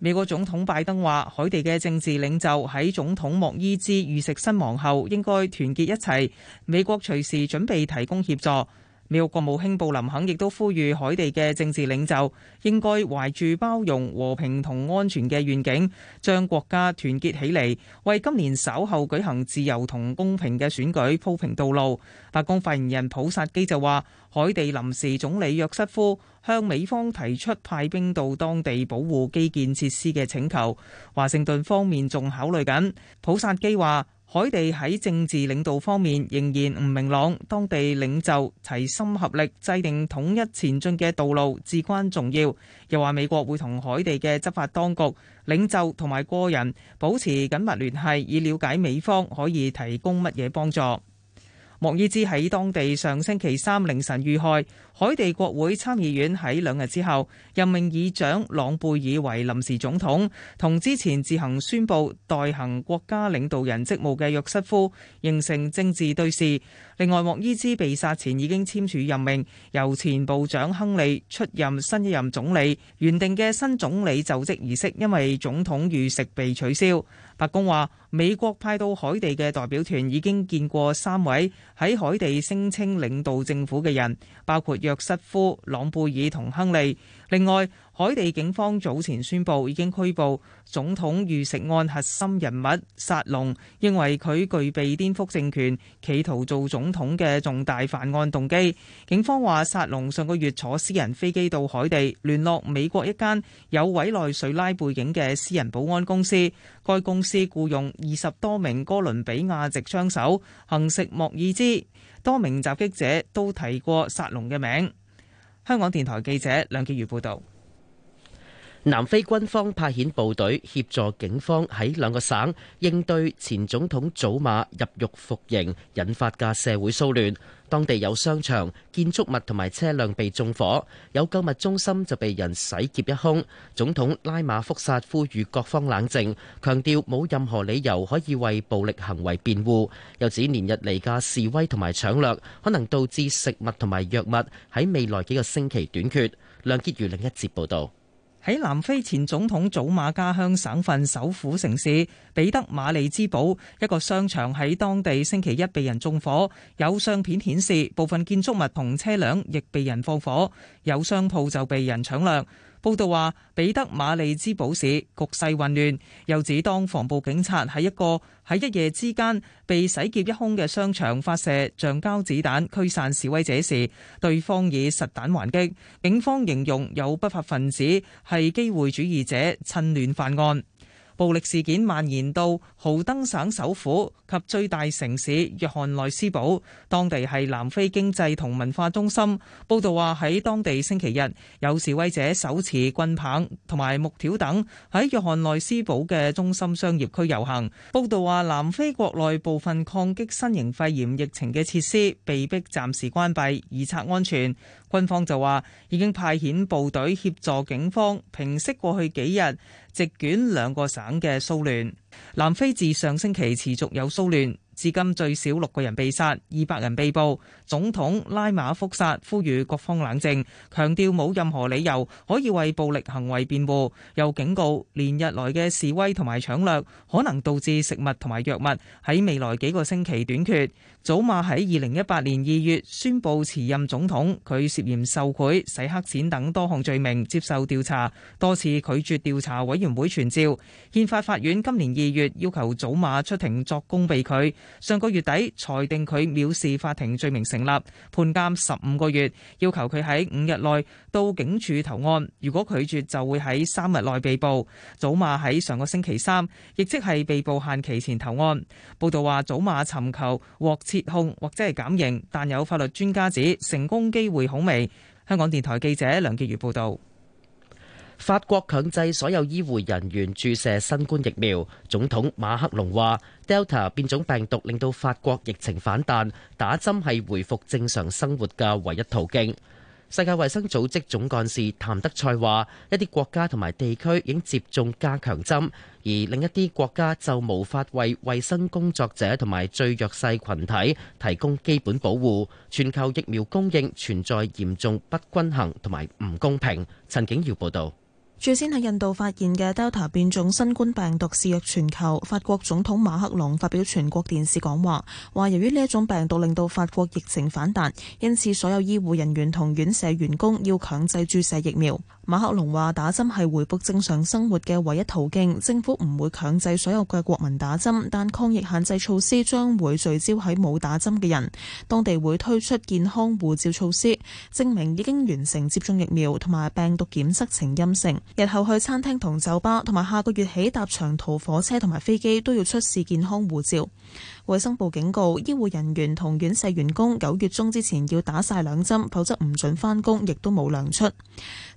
B: 美國總統拜登話：海地嘅政治領袖喺總統莫伊茲遇刺身亡後，應該團結一齊。美國隨時準備提供協助。美國國務卿布林肯亦都呼籲海地嘅政治領袖應該懷住包容、和平同安全嘅願景，將國家團結起嚟，為今年稍後舉行自由同公平嘅選舉鋪平道路。白宮發言人普薩基就話，海地臨時總理約瑟夫向美方提出派兵到當地保護基建設施嘅請求，華盛頓方面仲考慮緊。普薩基話。海地喺政治領導方面仍然唔明朗，當地領袖齊心合力制定統一前進嘅道路至關重要。又話美國會同海地嘅執法當局、領袖同埋個人保持緊密聯繫，以了解美方可以提供乜嘢幫助。莫伊茲喺當地上星期三凌晨遇害，海地國會參議院喺兩日之後任命議長朗貝爾為臨時總統，同之前自行宣布代行國家領導人職務嘅約瑟夫形成政治對峙。另外，莫伊茲被殺前已經簽署任命，由前部長亨利出任新一任總理。原定嘅新總理就職儀式因為總統遇食被取消。白宮話，美國派到海地嘅代表團已經見過三位喺海地聲稱領導政府嘅人，包括約瑟夫、朗貝爾同亨利。另外，海地警方早前宣佈，已經拘捕總統遇弒案核心人物薩龍，認為佢具備顛覆政權企圖做總統嘅重大犯案動機，警方話薩龍上個月坐私人飛機到海地，聯絡美國一間有委內瑞拉背景嘅私人保安公司，該公司僱傭二十多名哥倫比亞籍槍手行弒莫爾茲，多名襲擊者都提過薩龍嘅名。香港電台記者梁潔如報道。南非軍方派遣部隊協助
J: 警方喺兩個省應對前總統祖馬入獄服刑引發嘅社會騷亂。當地有商場、建築物同埋車輛被縱火，有購物中心就被人洗劫一空。總統拉馬福薩呼籲各方冷靜，強調冇任何理由可以為暴力行為辯護。又指連日嚟嘅示威同埋搶掠可能導致食物同埋藥物喺未來幾個星期短
B: 缺。梁潔如另一節報導。喺南非前總統祖馬家鄉省份首府城市彼得馬利茲堡，一個商場喺當地星期一被人縱火，有相片顯示部分建築物同車輛亦被人放火，有商鋪就被人搶掠。報道話，彼得馬利茲堡市局勢混亂，又指當防暴警察喺一個喺一夜之間被洗劫一空嘅商場發射橡膠子彈驅散示威者時，對方以實彈還擊。警方形容有不法分子係機會主義者，趁亂犯案。暴力事件蔓延到豪登省首府及最大城市約翰內斯堡，當地係南非經濟同文化中心。報道話，喺當地星期日有示威者手持棍棒同埋木條等喺約翰內斯堡嘅中心商業區遊行。報道話，南非國內部分抗擊新型肺炎疫情嘅設施被迫暫時關閉，以策安全。軍方就話已經派遣部隊協助警方平息過去幾日席捲兩個省嘅騷亂。南非自上星期持續有騷亂。至今最少六個人被殺，二百人被捕。總統拉馬福薩呼籲各方冷靜，強調冇任何理由可以為暴力行為辯護，又警告連日來嘅示威同埋搶掠可能導致食物同埋藥物喺未來幾個星期短缺。祖馬喺二零一八年二月宣布辭任總統，佢涉嫌受賄、洗黑錢等多項罪名接受調查，多次拒絕調查委員會傳召。憲法法院今年二月要求祖馬出庭作供，被拒。上個月底裁定佢藐視法庭罪名成立，判監十五個月，要求佢喺五日內到警署投案。如果拒絕，就會喺三日內被捕。祖馬喺上個星期三，亦即係被捕限期前投案。報道話祖馬尋求獲撤控或者係減刑，但有法律專家指成功機會好微。香港電台記者梁潔如報導。法國強制所有醫護人員注射新
J: 冠疫苗。總統馬克龍話，Delta 變種病毒令到法國疫情反彈，打針係回復正常生活嘅唯一途徑。世界衛生組織總幹事譚德賽話，一啲國家同埋地區已經接種加強針，而另一啲國家就無法為衛生工作者同埋最弱勢群體提供基本保護。全球疫苗供應存在嚴重不均衡同埋唔公平。陳景耀報道。
L: 最先喺印度發現嘅 Delta 變種新冠病毒肆虐全球。法國總統馬克龍發表全國電視講話，話由於呢一種病毒令到法國疫情反彈，因此所有醫護人員同院舍員工要強制注射疫苗。馬克龍話打針係回復正常生活嘅唯一途徑。政府唔會強制所有嘅國民打針，但抗疫限制措施將會聚焦喺冇打針嘅人。當地會推出健康護照措施，證明已經完成接種疫苗同埋病毒檢測呈陰性。日後去餐廳同酒吧，同埋下個月起搭長途火車同埋飛機都要出示健康護照。衛生部警告，醫護人員同院舍員工九月中之前要打晒兩針，否則唔准返工，亦都冇糧出。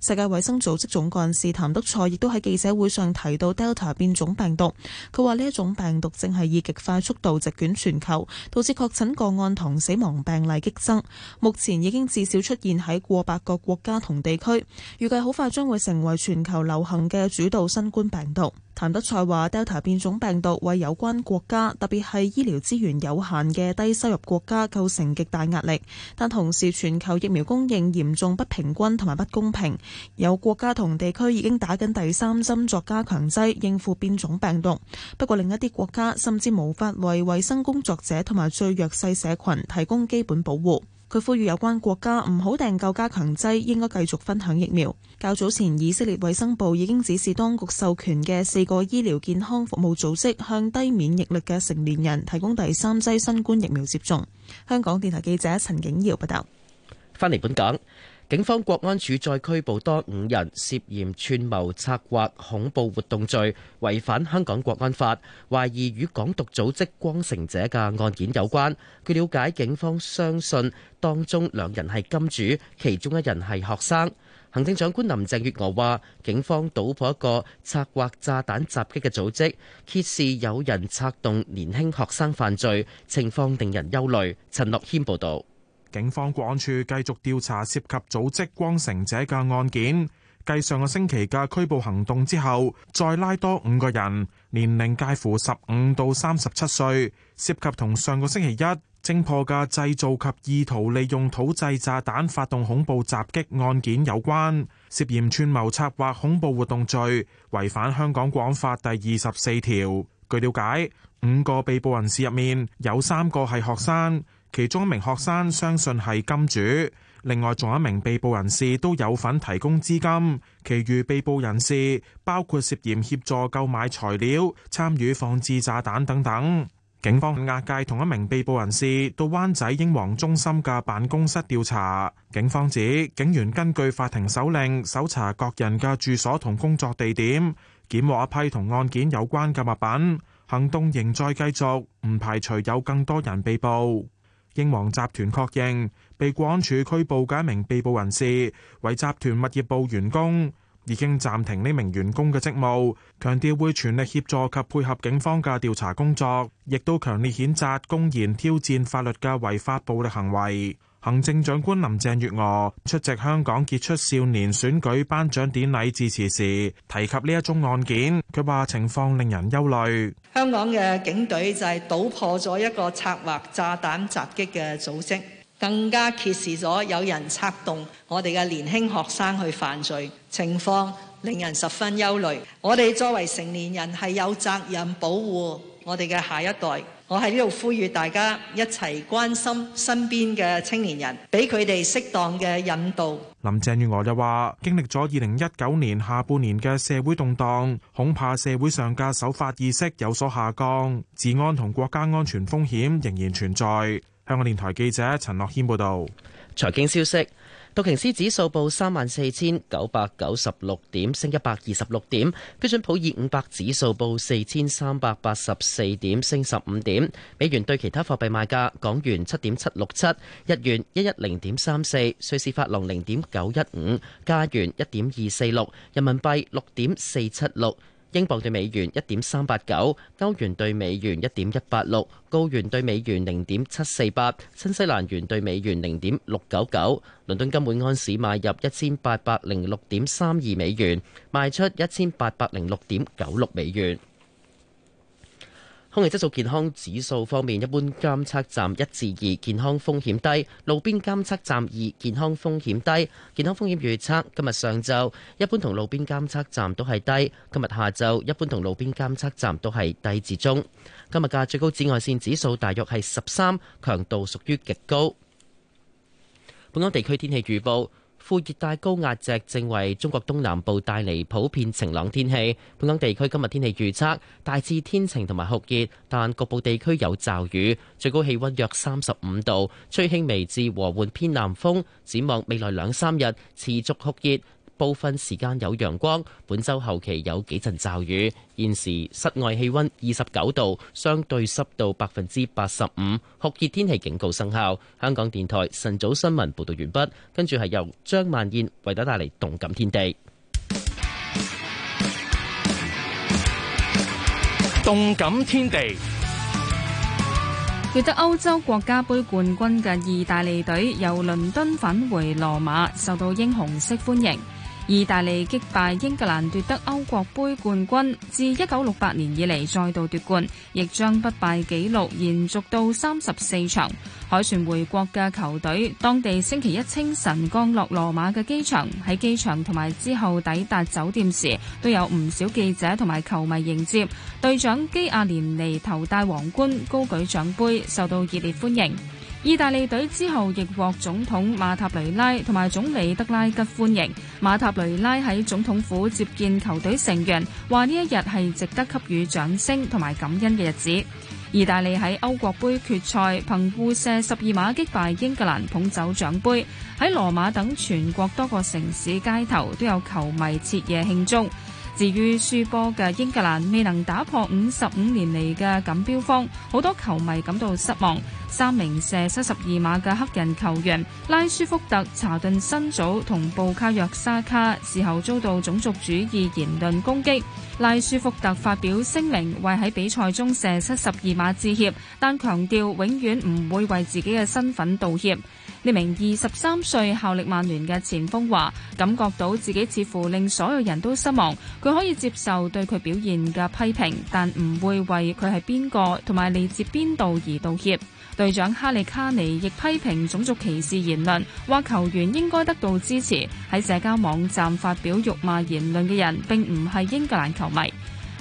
L: 世界衛生組織總幹事譚德塞亦都喺記者會上提到 Delta 變種病毒，佢話呢一種病毒正係以極快速度席捲全球，導致確診個案同死亡病例激增，目前已經至少出現喺過百個國家同地區，預計好快將會成為全球流行嘅主導新冠病毒。譚德塞話：Delta 變種病毒為有關國家，特別係醫療資源有限嘅低收入國家，構成極大壓力。但同時，全球疫苗供應嚴重不平均同埋不公平，有國家同地區已經打緊第三針作加強劑，應付變種病毒。不過，另一啲國家甚至無法為衛生工作者同埋最弱勢社群提供基本保護。佢呼籲有關國家唔好訂購加強劑，應該繼續分享疫苗。較早前，以色列衛生部已經指示當局授權嘅四個醫療健康服務組織向低免疫力嘅成年人提供第三劑新冠疫苗接種。香港電台記者陳景堯報道。
J: 翻嚟本港。警方國安處再拘捕多五人，涉嫌串謀策劃恐怖活動罪，違反香港國安法，懷疑與港獨組織光成者的案件有關。據了解，警方相信當中兩人是金主，其中一人是學生。行政長官林鄭月娥，警方搗破一個策劃炸彈襲擊的組織，揭示有人策動年輕學生犯罪，情況令人憂慮，
N: 陳樂謙報道。警方國安處繼續調查涉及組織光城者嘅案件，繼上個星期嘅拘捕行動之後，再拉多五個人，年齡介乎十五到三十七歲，涉及同上個星期一偵破嘅製造及意圖利用土製炸彈發動恐怖襲擊案件有關，涉嫌串謀策劃恐怖活動罪，違反香港國安法第二十四條。據了解，五個被捕人士入面有三個係學生。其中一名學生相信係金主，另外仲有一名被捕人士都有份提供資金。其餘被捕人士包括涉嫌協助購買材料、參與放置炸彈等等。警方押解同一名被捕人士到灣仔英皇中心嘅辦公室調查。警方指警員根據法庭手令搜查各人嘅住所同工作地點，檢獲一批同案件有關嘅物品。行動仍在繼續，唔排除有更多人被捕。英皇集團確認被國安處拘捕嘅一名被捕人士為集團物業部員工，已經暫停呢名員工嘅職務，強調會全力協助及配合警方嘅調查工作，亦都強烈譴責公然挑戰法律嘅違法暴力行為。行政長官林鄭月娥出席香港傑出少年選舉頒獎典禮致辭時，提及呢一宗案件，佢話情況令人憂慮。
B: 香港嘅警隊就係搗破咗一個策劃炸彈襲擊嘅組織，更加揭示咗有人策動我哋嘅年輕學生去犯罪，情況令人十分憂慮。我哋作為成年人，係有責任保護我哋嘅下一代。我喺呢度呼籲大家一齊關
O: 心身邊嘅青年人，俾佢哋適當嘅引導。
N: 林鄭月娥又話：經歷咗二零一九年下半年嘅社會動盪，恐怕社會上嘅守法意識有所下降，治安同國家安全風險仍然存在。香港電台記者陳樂軒報導。財經消息。道瓊斯指數報三萬四
J: 千九百九十六點，升一百二十六點。標準普爾五百指數報四千三百八十四點，升十五點。美元對其他貨幣賣價：港元七點七六七，日元一一零點三四，瑞士法郎零點九一五，加元一點二四六，人民幣六點四七六。英鎊對美元一點三八九，歐元對美元一點一八六，澳元對美元零點七四八，新西蘭元對美元零點六九九。倫敦金每安士買入一千八百零六點三二美元，賣出一千八百零六點九六美元。空氣質素健康指數方面，一般監測站一至二，健康風險低；路邊監測站二，健康風險低。健康風險預測，今日上晝一般同路邊監測站都係低，今日下晝一般同路邊監測站都係低至中。今日嘅最高紫外線指數大約係十三，強度屬於極高。本港地區天氣預報。副熱帶高壓脊正為中國東南部帶嚟普遍晴朗天氣。本港地區今日天氣預測大致天晴同埋酷熱，但局部地區有驟雨。最高氣温約三十五度，吹輕微至和緩偏南風。展望未來兩三日持續酷熱。部分時間有陽光，本週後期有幾陣驟雨。現時室外氣温二十九度，相對濕度百分之八十五，酷熱天氣警告生效。香港電台晨早新聞報道完畢，跟住係由張曼燕為大家帶嚟動感天地。
K: 動感天地，
P: 奪得歐洲國家杯冠軍嘅意大利隊由倫敦返回羅馬，受到英雄式歡迎。意大利擊敗英格蘭奪得歐國杯冠軍，自一九六八年以嚟再度奪冠，亦將不敗紀錄延續到三十四場。凱旋回國嘅球隊，當地星期一清晨降落羅馬嘅機場，喺機場同埋之後抵達酒店時，都有唔少記者同埋球迷迎接。隊長基亞連尼頭戴皇冠，高舉獎杯，受到熱烈歡迎。意大利隊之後亦獲總統馬塔雷拉同埋總理德拉吉歡迎。馬塔雷拉喺總統府接見球隊成員，話呢一日係值得給予掌聲同埋感恩嘅日子。意大利喺歐國杯決賽憑互射十二碼擊敗英格蘭，捧走獎杯，喺羅馬等全國多個城市街頭都有球迷徹夜慶祝。至於輸波嘅英格蘭未能打破55呢名二十三歲效力曼聯嘅前鋒話，感覺到自己似乎令所有人都失望。佢可以接受對佢表現嘅批評，但唔會為佢係邊個同埋嚟自邊度而道歉。隊長哈利卡尼亦批評種族歧視言論，話球員應該得到支持。喺社交網站發表辱罵言論嘅人，並唔係英格蘭球迷。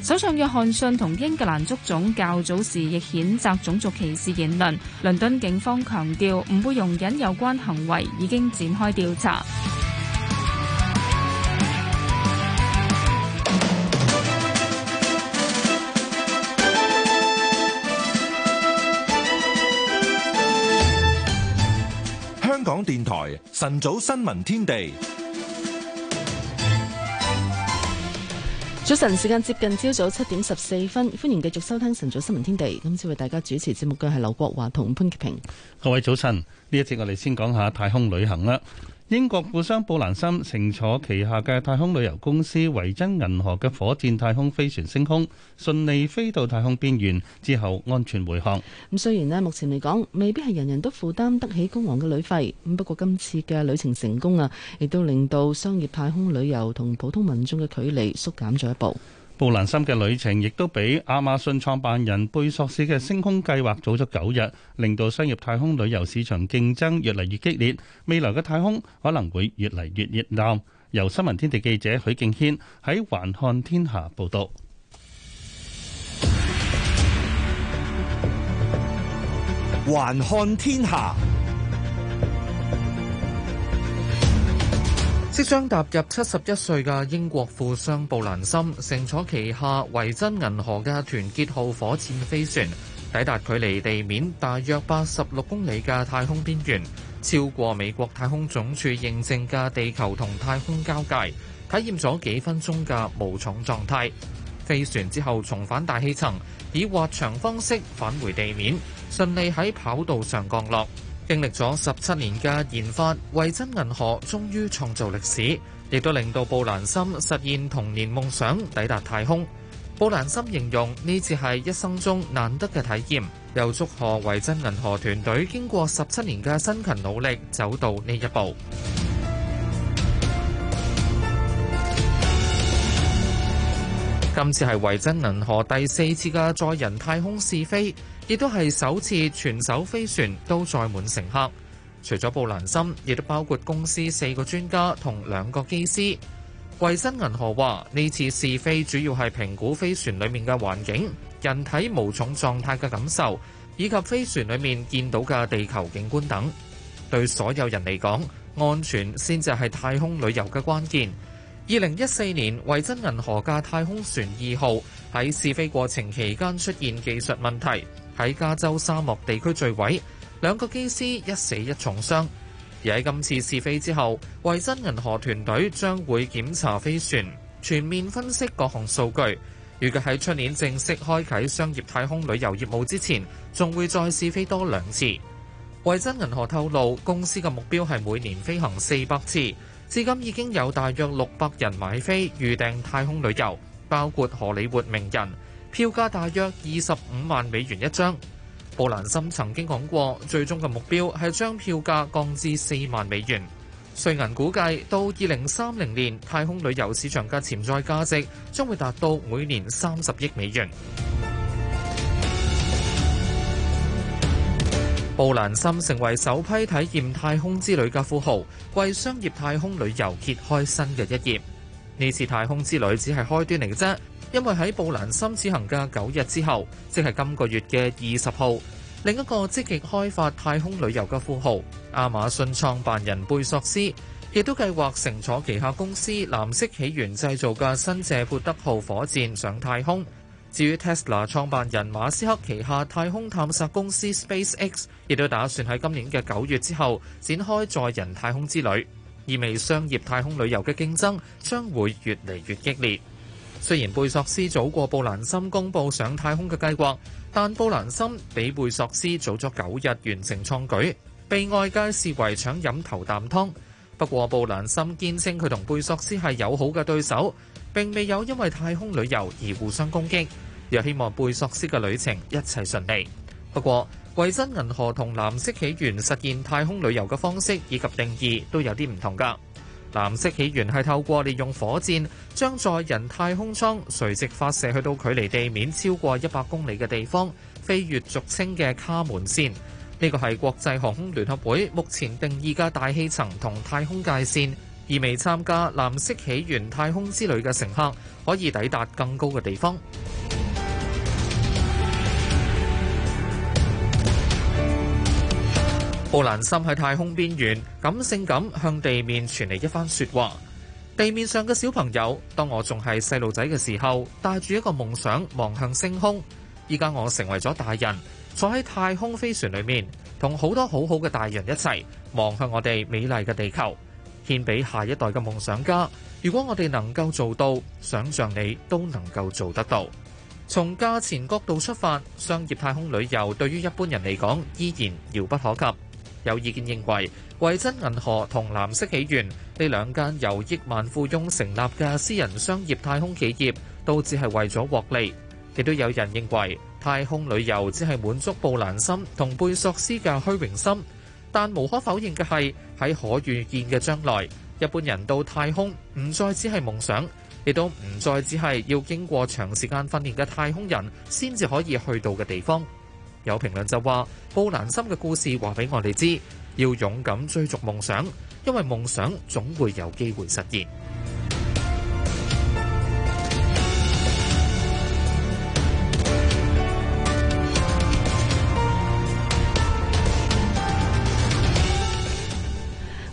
P: 首相約翰遜同英格蘭足總較早時亦譴責種族歧視言論。倫敦警方強調唔會容忍有關行為，已經展開調查。
A: 香港電台晨早新聞天地。
C: 早晨，時間接近朝早七點十四分，歡迎繼續收聽晨早新聞天地。今次為大家主持節目嘅係劉國華同潘潔平。
D: 各位早晨，呢一節我哋先講下太空旅行啦。英國富商布蘭森乘坐旗下嘅太空旅遊公司維珍銀河嘅火箭太空飛船升空，順利飛到太空邊緣之後安全回航。
C: 咁雖然咧目前嚟講未必係人人都負擔得起高昂嘅旅費，咁不過今次嘅旅程成功啊，亦都令到商業太空旅遊同普通民眾嘅距離縮減咗一步。
D: 布蘭森嘅旅程亦都比亞馬遜創辦人貝索斯嘅星空計劃早咗九日，令到商業太空旅遊市場競爭越嚟越激烈。未來嘅太空可能會越嚟越熱鬧。由新聞天地記者許敬軒喺環看天下報道。
K: 環看天下。報即將踏入七十一歲嘅英國富商布蘭森，乘坐旗下維珍銀河嘅團結號火箭飛船，抵達距離地面大約八十六公里嘅太空邊緣，超過美國太空總署認證嘅地球同太空交界，體驗咗幾分鐘嘅無重狀態。飛船之後重返大氣層，以滑翔方式返回地面，順利喺跑道上降落。經歷咗十七年嘅研發，維珍銀河終於創造歷史，亦都令到布蘭森實現童年夢想，抵達太空。布蘭森形容呢次係一生中難得嘅體驗，又祝賀維珍銀河團隊，隊經過十七年嘅辛勤努力，走到呢一步。 今次係維珍銀河第四次嘅載人太空試飛。亦都係首次全艘飛船都載滿乘客，除咗布蘭森，亦都包括公司四個專家同兩個機師。維珍銀河話：呢次試飛主要係評估飛船裡面嘅環境、人體無重狀態嘅感受，以及飛船裡面見到嘅地球景觀等。對所有人嚟講，安全先至係太空旅遊嘅關鍵。二零一四年，維珍銀河架太空船二號喺試飛過程期間出現技術問題。喺加州沙漠地區墜毀，兩個機師一死一重傷，而喺今次試飛之後，維珍銀河團隊將會檢查飛船，全面分析各項數據，預計喺出年正式開啟商業太空旅遊業務之前，仲會再試飛多兩次。維珍銀河透露，公司嘅目標係每年飛行四百次。至今已經有大約六百人買飛預訂太空旅遊，包括荷里活名人。票價大約二十五萬美元一張。布蘭森曾經講過，最終嘅目標係將票價降至四萬美元。瑞銀估計到二零三零年，太空旅遊市場嘅潛在價值將會達到每年三十億美元。布蘭森成為首批體驗太空之旅嘅富豪，為商業太空旅遊揭開新嘅一頁。呢次太空之旅只係開端嚟嘅啫。因為喺布蘭森之行嘅九日之後，即係今個月嘅二十號，另一個積極開發太空旅遊嘅富豪，亞馬遜創辦人貝索斯，亦都計劃乘坐旗下公司藍色起源製造嘅新謝潑德號火箭上太空。至於 Tesla 創辦人馬斯克旗下太空探索公司 SpaceX，亦都打算喺今年嘅九月之後展開載人太空之旅，意味商業太空旅遊嘅競爭將會越嚟越激烈。雖然貝索斯早過布蘭森公布上太空嘅計劃，但布蘭森比貝索斯早咗九日完成創舉，被外界視為搶飲頭啖湯。不過布蘭森堅稱佢同貝索斯係友好嘅對手，並未有因為太空旅遊而互相攻擊，又希望貝索斯嘅旅程一切順利。不過，維珍銀河同藍色起源實現太空旅遊嘅方式以及定義都有啲唔同噶。藍色起源係透過利用火箭將載人太空艙垂直發射去到距離地面超過一百公里嘅地方，飛越俗稱嘅卡門線。呢個係國際航空聯合會目前定義嘅大氣層同太空界線。而未參加藍色起源太空之旅嘅乘客，可以抵達更高嘅地方。布蘭森喺太空邊緣，感性咁向地面傳嚟一番說話。地面上嘅小朋友，當我仲係細路仔嘅時候，帶住一個夢想望向星空。依家我成為咗大人，坐喺太空飛船裏面，同好多好好嘅大人一齊望向我哋美麗嘅地球，獻俾下一代嘅夢想家。如果我哋能夠做到，想象你都能夠做得到。從價錢角度出發，商業太空旅遊對於一般人嚟講依然遙不可及。有意見認為，維珍銀河同藍色起源呢兩間由億萬富翁成立嘅私人商業太空企業，都只係為咗獲利。亦都有人認為，太空旅遊只係滿足布蘭森同貝索斯嘅虛榮心。但無可否認嘅係，喺可預見嘅將來，一般人到太空唔再只係夢想，亦都唔再只係要經過長時間訓練嘅太空人先至可以去到嘅地方。有評論就話：布蘭森嘅故事話俾我哋知，要勇敢追逐夢想，因為夢想總會有機會實現。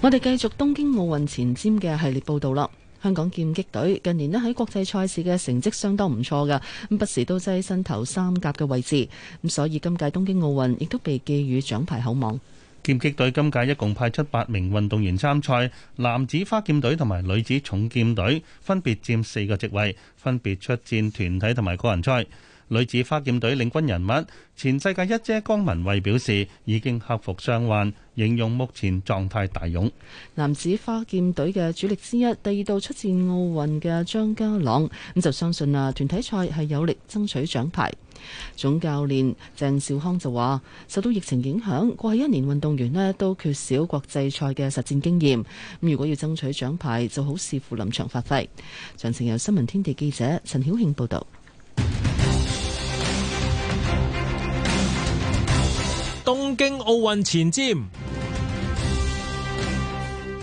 C: 我哋繼續東京奧運前瞻嘅系列報導啦。香港劍擊隊近年咧喺國際賽事嘅成績相當唔錯㗎，咁不時都擠身頭三甲嘅位置，咁所以今屆東京奧運亦都被寄予獎牌厚望。
D: 劍擊隊今屆一共派出八名運動員參賽，男子花劍隊同埋女子重劍隊分別佔四個席位，分別出戰團體同埋個人賽。女子花劍隊領軍人物、前世界一姐江文慧表示，已經克服傷患，
C: 形容目前狀態大勇。男子花劍隊嘅主力之一、第二度出戰奧運嘅張家朗，咁就相信啊，團體賽係有力爭取獎牌。總教練鄭兆康就話：受到疫情影響，過去一年運動員咧都缺少國際賽嘅實戰經驗，咁如果要爭取獎牌，就好視乎臨場發揮。詳情由新聞天地記者陳曉慶報道。
O: 東京奧運前瞻，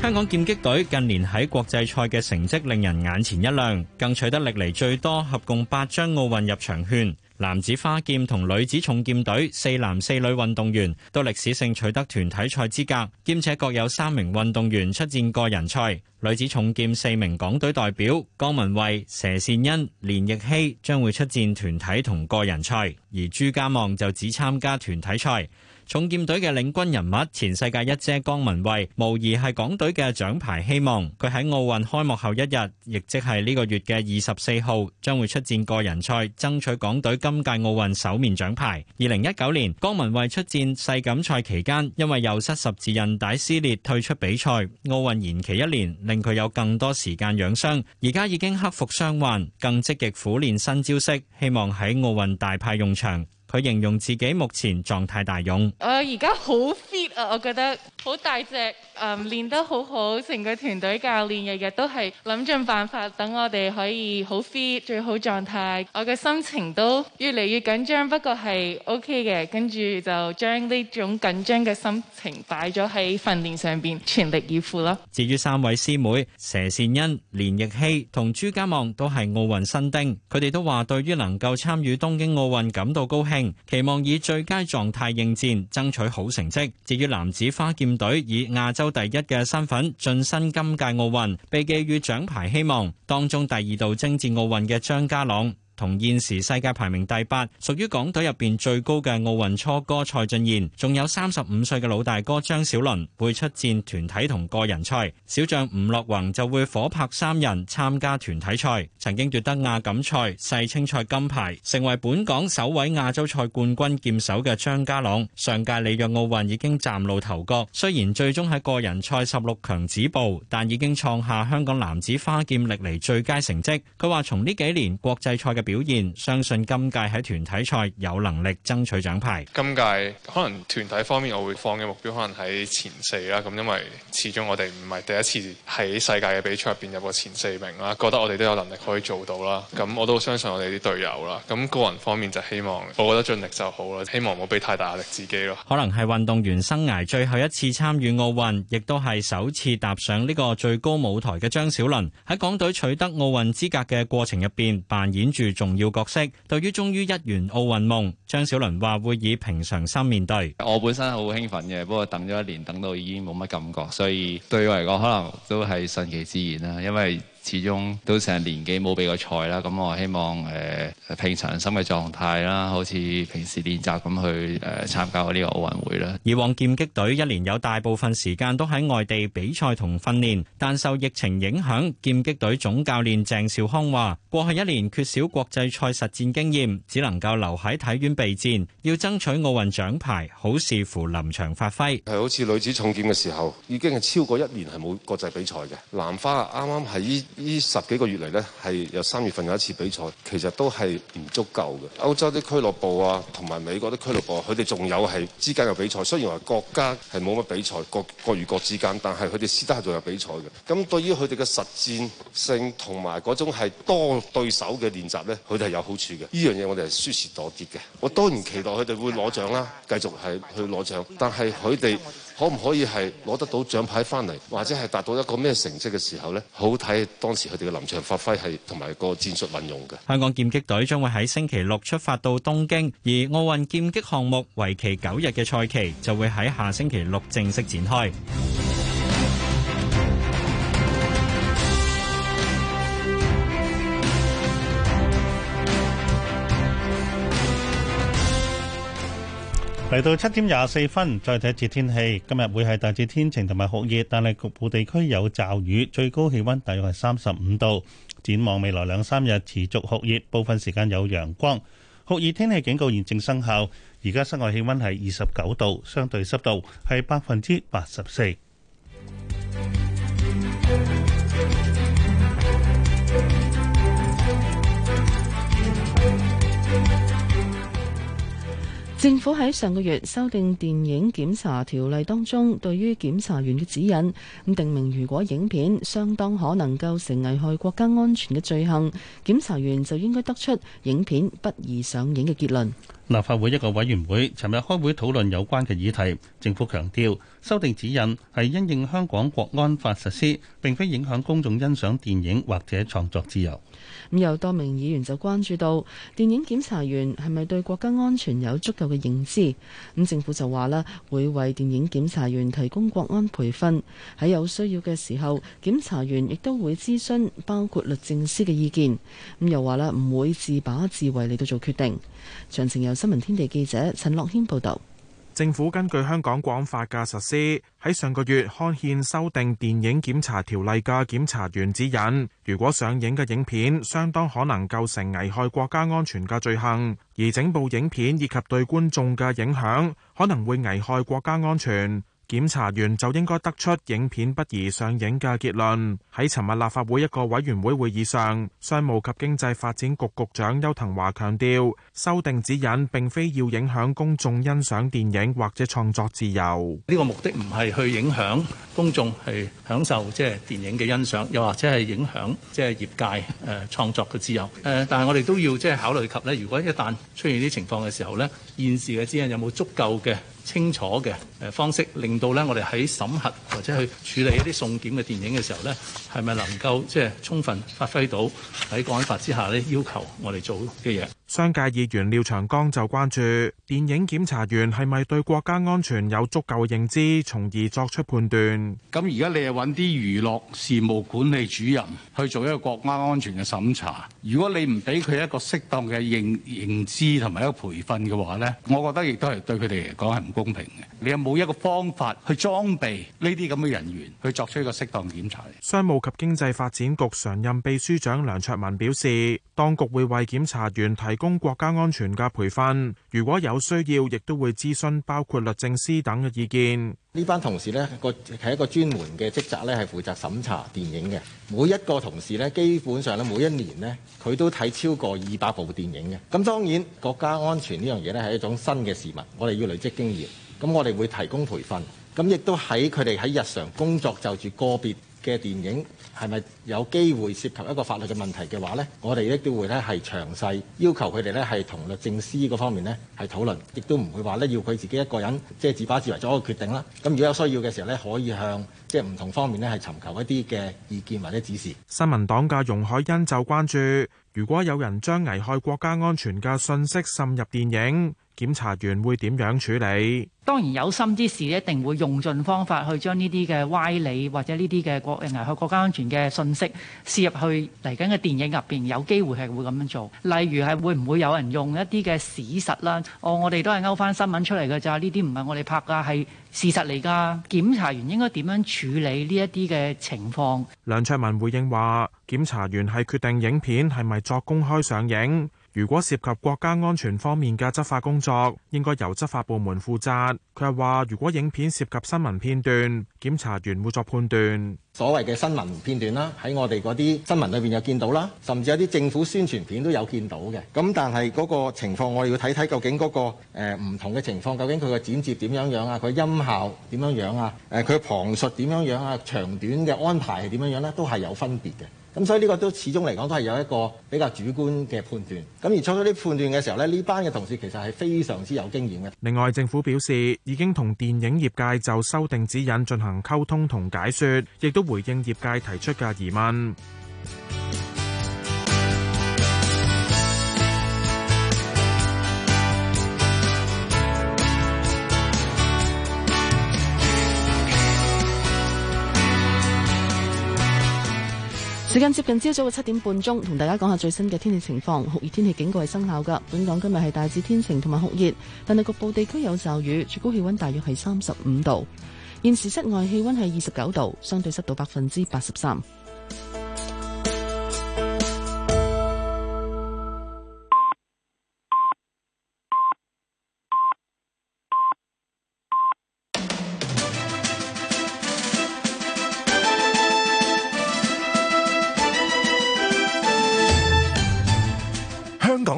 O: 香港劍擊隊近年喺國際賽嘅成績令人眼前一亮，更取得歷嚟最多合共八張奧運入場券。男子花劍同女子重劍隊，四男四女運動員都歷史性取得團體賽資格，兼且各有三名運動員出戰個人賽。女子重劍四名港隊代表江文慧、佘善恩、連奕希將會出戰團體同個人賽，而朱家望就只參加團體賽。重劍隊嘅領軍人物、前世界一姐江文慧，無疑係港隊嘅獎牌希望。佢喺奧運開幕後一日，亦即係呢個月嘅二十四號佢形容自己目前狀態大勇，
P: 誒而家好 fit 啊！我覺得好大隻，誒練得好好，成個團隊教練日日都係諗盡辦法，等我哋可以好 fit 最好狀態。我嘅心情都越嚟越緊張，不過係 OK 嘅。跟住就將呢種緊張嘅心情擺咗喺訓練上邊，全力以赴咯。
O: 至於三位師妹佘善欣、連奕希同朱家望都係奧運新丁，佢哋都話對於能夠參與東京奧運感到高興。期望以最佳狀態應戰，爭取好成績。至於男子花劍隊以亞洲第一嘅身份晉身今屆奧運，被寄予獎牌希望。當中第二度征戰奧運嘅張家朗，同現時世界排名第八，屬於港隊入邊最高嘅奧運初哥蔡俊彥，仲有三十五歲嘅老大哥張小倫會出戰團體同個人賽，小將吳樂宏就會火拍三人參加團體賽。曾經奪得亞錦賽、世青賽金牌，成為本港首位亞洲賽冠軍劍手嘅張家朗，上屆里約奧運已經嶄露頭角，雖然最終喺個人賽十六強止步，但已經創下香港男子花劍歷嚟最佳成績。佢話：從呢幾年國際賽嘅表現相信今屆喺團體賽有能力爭取獎牌。
K: 今屆可能團體方面我會放嘅目標可能喺前四啦，咁因為始終我哋唔係第一次喺世界嘅比賽入邊有過前四名啦，覺得我哋都有能力可以做到啦。咁我都相信我哋啲隊友啦。咁個人方面就希望，我覺得盡力就好啦，希望唔好俾太大壓力自己咯。
O: 可能係運動員生涯最後一次參與奧運，亦都係首次踏上呢個最高舞台嘅張小倫喺港隊取得奧運資格嘅過程入邊扮演住。重要角色，對於終於一圓奧運夢，張小倫話會以平常心面對。
K: 我本身好興奮嘅，不過等咗一年，等到已經冇乜感覺，所以對我嚟講，可能都係順其自然啦，因為。始終都成年紀冇比過賽啦，咁我希望誒平常心嘅狀態
O: 啦，好似平時練習咁去誒參加呢個奧運會啦。以往劍擊隊一年有大部分時間都喺外地比賽同訓練，但受疫情影響，劍擊隊總教練鄭兆康話：過去一年缺少國際賽實戰經驗，只能夠留喺體院備戰，要爭取奧運獎牌，好視乎臨場發揮。係好
I: 似女子重劍嘅時候，已經係超過一年係冇國際比賽嘅。男花啱啱喺依。呢十幾個月嚟呢，係有三月份有一次比賽，其實都係唔足夠嘅。歐洲啲俱樂部啊，同埋美國啲俱樂部，佢哋仲有係之間有比賽。雖然話國家係冇乜比賽，各國與各，各之間，但係佢哋私底下仲有比賽嘅。咁對於佢哋嘅實戰性同埋嗰種係多對手嘅練習呢，佢哋係有好處嘅。呢樣嘢我哋係舒適多啲嘅。我當然期待佢哋會攞獎啦，繼續係去攞獎。但係佢哋。可唔可以係攞得到獎牌翻嚟，或者係達到一個咩成績嘅時候呢？好睇當時佢哋嘅臨場發揮係同埋個戰術運用嘅。
O: 香港劍擊隊將會喺星期六出發到東京，而奧運劍擊項目為期九日嘅賽期就會喺下星期六正式展開。
D: 嚟到七點廿四分，再睇一節天氣。今日會係大致天晴同埋酷熱，但係局部地區有驟雨。最高氣溫大約係三十五度。展望未來兩三日持續酷熱，部分時間有陽光。酷熱天氣警告現正生效。而家室外氣溫係二十九度，相對濕度係百分之八十四。
C: 政府喺上個月修訂電影檢查條例當中，對於檢查員嘅指引，咁定明如果影片相當可能構成危害國家安全嘅罪行，檢查員就應該得出影片不宜上映嘅結論。
D: 立法會一個委員會尋日開會討論有關嘅議題，政府強調修訂指引係因應香港國安法實施，並非影響公眾欣賞電影或者創作自由。
C: 咁有多名議員就關注到電影檢查員係咪對國家安全有足夠嘅認知。咁政府就話啦，會為電影檢查員提供國安培訓，喺有需要嘅時候，檢查員亦都會諮詢包括律政司嘅意見。咁又話啦，唔會自把自為嚟到做決定。詳情由新聞天地記者陳樂軒報道。
N: 政府根據香港《國安法》嘅實施，喺上個月刊憲修訂電影檢查條例嘅檢查員指引。如果上映嘅影片相當可能構成危害國家安全嘅罪行，而整部影片以及對觀眾嘅影響，可能會危害國家安全。檢查員就應該得出影片不宜上映嘅結論。喺尋日立法會一個委員會會議上，商務及經濟發展局局長邱騰華強調，修訂指引並非要影響公眾欣賞電影或者創作自由。呢個目的唔係去影響公眾去享受即係、就是、電影嘅欣賞，又或者係影響
D: 即係業界誒創、呃、作嘅自由。誒、呃，但係我哋都要即係考慮及呢：如果一旦出現呢啲情況嘅時候，呢現時嘅指引有冇足夠嘅？清楚嘅誒方式，令到咧我哋喺審核或者去處理一啲送檢嘅電影嘅時候咧，係咪能夠即係充分發揮到喺《國安法》之下咧要求我哋做嘅嘢？
N: 商界議員廖長江就關注電影檢查員係咪對國家安全有足夠認知，從而作出判斷。
Q: 咁而家你係搵啲娛樂事務管理主任去做一個國家安全嘅審查。如果你唔俾佢一個適當嘅認認知同埋一個培訓嘅話呢，我覺得亦都係對佢哋嚟講係唔公平嘅。你有冇一個方法去裝備呢啲咁嘅人員去作出一個適當檢查？
N: 商務及經濟發展局常任秘書長梁卓文表示，當局會為檢查員提。提供國家安全嘅培訓，如果有需要，亦都會諮詢包括律政司等嘅意見。呢班同事呢，個係一個專門嘅職責呢，係負責審查電影嘅。每一個同
R: 事呢，基本上咧，每一年呢，佢都睇超過二百部電影嘅。咁當然，國家安全呢樣嘢呢，係一種新嘅事物，我哋要累積經驗。咁我哋會提供培訓，咁亦都喺佢哋喺日常工作就住個別，嘅電影係咪有機會涉及一個法律嘅問題嘅話呢？我哋亦都會咧係詳細要求佢哋咧係同律政司嗰方面咧係討論，亦都唔會話咧要佢自己一個人即係自把自為做一個決定啦。咁如果有需要嘅時候咧，可以向即係唔同方面咧係尋求一啲嘅意見或者指示。
N: 新民黨嘅容海恩就關注，如果有人將危害國家安全嘅訊息滲入電影。檢察員會點樣處理？
J: 當然有心之士一定會用盡方法去將呢啲嘅歪理或者呢啲嘅國危害國家安全嘅信息輸入去嚟緊嘅電影入邊，有機會係會咁樣做。例如係會唔會有人用一啲嘅史實啦？哦，我哋都係勾返新聞出嚟嘅咋？呢啲唔係我哋拍㗎，係事實嚟㗎。
N: 檢查員應該點樣處理呢一啲嘅情況？梁卓文回應話，檢查員係決定影片係咪作公開上映。如果涉及國家安全方面嘅執法工作，應該由執法部門負責。佢又話：如果影片涉及新聞片段，檢查員會作判斷。
R: 所謂嘅新聞片段啦，喺我哋嗰啲新聞裏邊有見到啦，甚至有啲政府宣傳片都有見到嘅。咁但係嗰個情況，我哋要睇睇究竟嗰個誒唔同嘅情況，究竟佢嘅剪接點樣樣啊，佢音效點樣樣啊，誒佢旁述點樣樣啊，長短嘅安排係點樣樣咧，都係有分別嘅。咁所以呢個都始終嚟講都係有一個比較主觀嘅判斷。咁而作出啲判斷嘅時候咧，呢班嘅同事其實，係非常之有經驗嘅。
N: 另外，政府表示已經同電影業界就修訂指引進行溝通同解說，亦都回應業界提出嘅疑問。
C: 時間接近朝早嘅七點半鐘，同大家講下最新嘅天氣情況。酷熱天氣警告係生效噶本港今日係大致天晴同埋酷熱，但係局部地區有驟雨。最高氣溫大約係三十五度。現時室外氣溫係二十九度，相對濕度百分之八十三。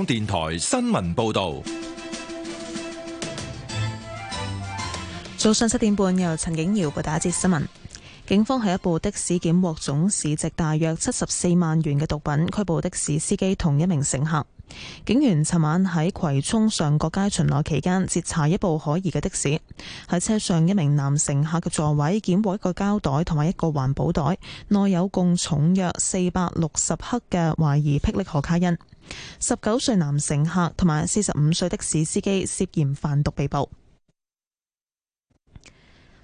A: 電台新聞報道聞。
L: 早上七點半，由陳景瑤播打一節新聞。警方喺一部的士檢獲總市值大約七十四萬元嘅毒品，拘捕的士司機同一名乘客。警員尋晚喺葵涌上角街巡邏期間，截查一部可疑嘅的，的士，喺車上一名男乘客嘅座位檢獲一個膠袋同埋一個環保袋，內有共重約四百六十克嘅懷疑霹靂可卡因。十九歲男乘客同埋四十五歲的士司機涉嫌販毒被捕。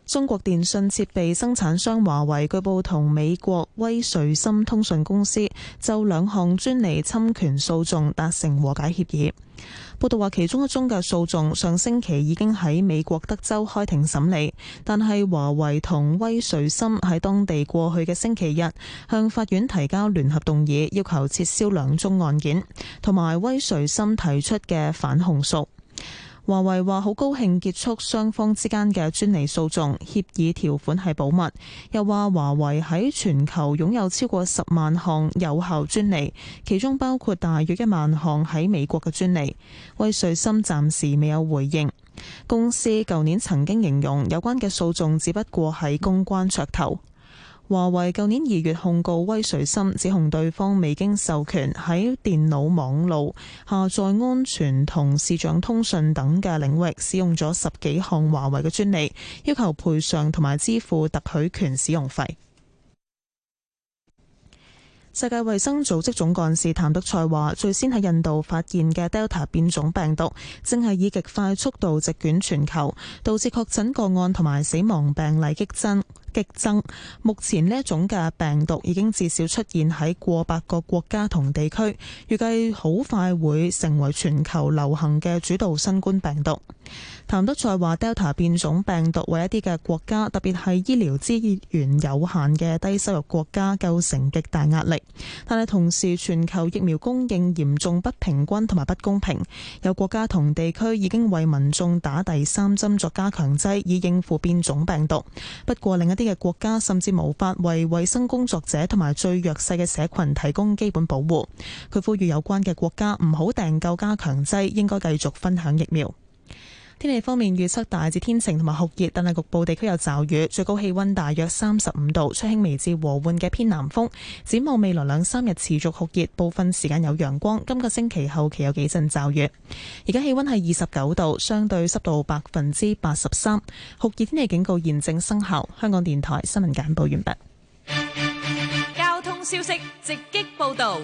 L: 中國電信設備生產商華為據報同美國威瑞森通訊公司就兩項專利侵權訴訟達成和解協議。報道話，其中一宗嘅訴訟上星期已經喺美國德州開庭審理，但係華為同威瑞森喺當地過去嘅星期日向法院提交聯合動議，要求撤銷兩宗案件，同埋威瑞森提出嘅反控訴。華為話好高興結束雙方之間嘅專利訴訟，協議條款係保密。又話華為喺全球擁有超過十萬項有效專利，其中包括大約一萬項喺美國嘅專利。威瑞森暫時未有回應。公司舊年曾經形容有關嘅訴訟只不過係公關噱頭。華為舊年二月控告威瑞森，指控對方未經授權喺電腦網絡下載安全同視像通訊等嘅領域使用咗十幾項華為嘅專利，要求賠償同埋支付特許權使用費。
H: 世
L: 界衛生組織總幹事譚德賽話：最先喺印度發現嘅 Delta 變種病毒，正係以極快速度席捲全球，導致確診個案同埋死亡病例激增。激增，目前呢一種嘅病毒已經至少出現喺過百個國家同地區，預計好快會成為全球流行嘅主導新冠病毒。譚德塞話，Delta 變種病毒為一啲嘅國家，特別係醫療資源有限嘅低收入國家構成極大壓力。但係同時，全球疫苗供應嚴重不平均同埋不公平，有國家同地區已經為民眾打第三針作加強劑，以應付變種病毒。不過另一啲嘅國家甚至無法為衛生工作者同埋最弱勢嘅社群提供基本保護。佢呼籲有關嘅國家唔好訂購加強劑，應該繼續分享疫苗。天氣方面預測大致天晴同埋酷熱，但係局部地區有驟雨，最高氣温大約三十五度，吹輕微至和緩嘅偏南風。展望未來兩三日持續酷熱，部分時間有陽光。今個星期後期有幾陣驟雨。而家氣温係二十九度，相對濕度百分之八十三，酷熱天氣警告現正生效。香港電台新聞簡報完畢。
H: 交通消息直擊報道。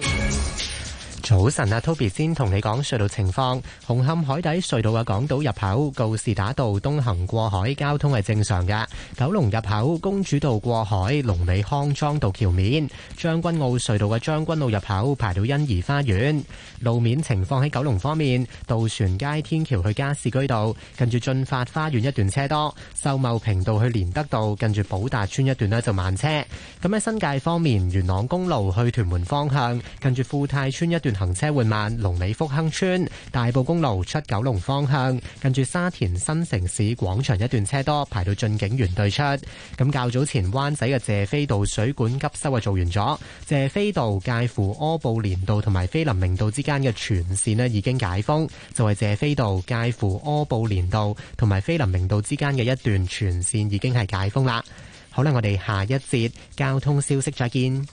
M: 早晨啊，Toby 先同你講隧道情況。紅磡海底隧道嘅港島入口告士打道東行過海交通係正常嘅。九龍入口公主道過海龍尾康莊道橋面，將軍澳隧道嘅將軍澳入口排到欣怡花園。路面情況喺九龍方面，渡船街天橋去加士居道，跟住駿發花園一段車多。秀茂坪道去連德道，跟住寶達邨一段咧就慢車。咁喺新界方面，元朗公路去屯門方向，跟住富泰邨一段，行車緩慢，龍尾福亨村大埔公路出九龍方向，近住沙田新城市廣場一段車多，排到駿景園對出。咁較早前灣仔嘅謝斐道水管急修啊，做完咗。謝斐道介乎柯布連道同埋菲林明道之間嘅全線咧已經解封，就係、是、謝斐道介乎柯布連道同埋菲林明道之間嘅一段全線已經係解封啦。好啦，我哋下一節交通消息再見。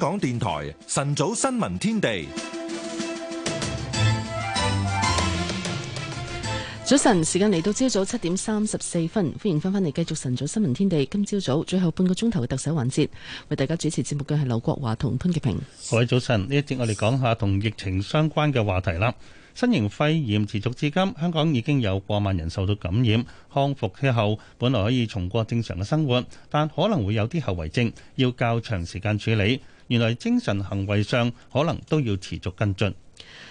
A: 港電台晨早新聞天地，
C: 早晨，時間嚟到朝早七點三十四分，歡迎翻返嚟繼續晨早新聞天地。今朝早最後半個鐘頭嘅特首環節，為大家主持節目嘅係劉國華同潘潔平。
D: 各位早晨，呢一節我哋講下同疫情相關嘅話題啦。新型肺炎持續至今，香港已經有過萬人受到感染，康復之後本來可以重過正常嘅生活，但可能會有啲後遺症，要較長時間處理。原來精神行為上可能都要持續跟進。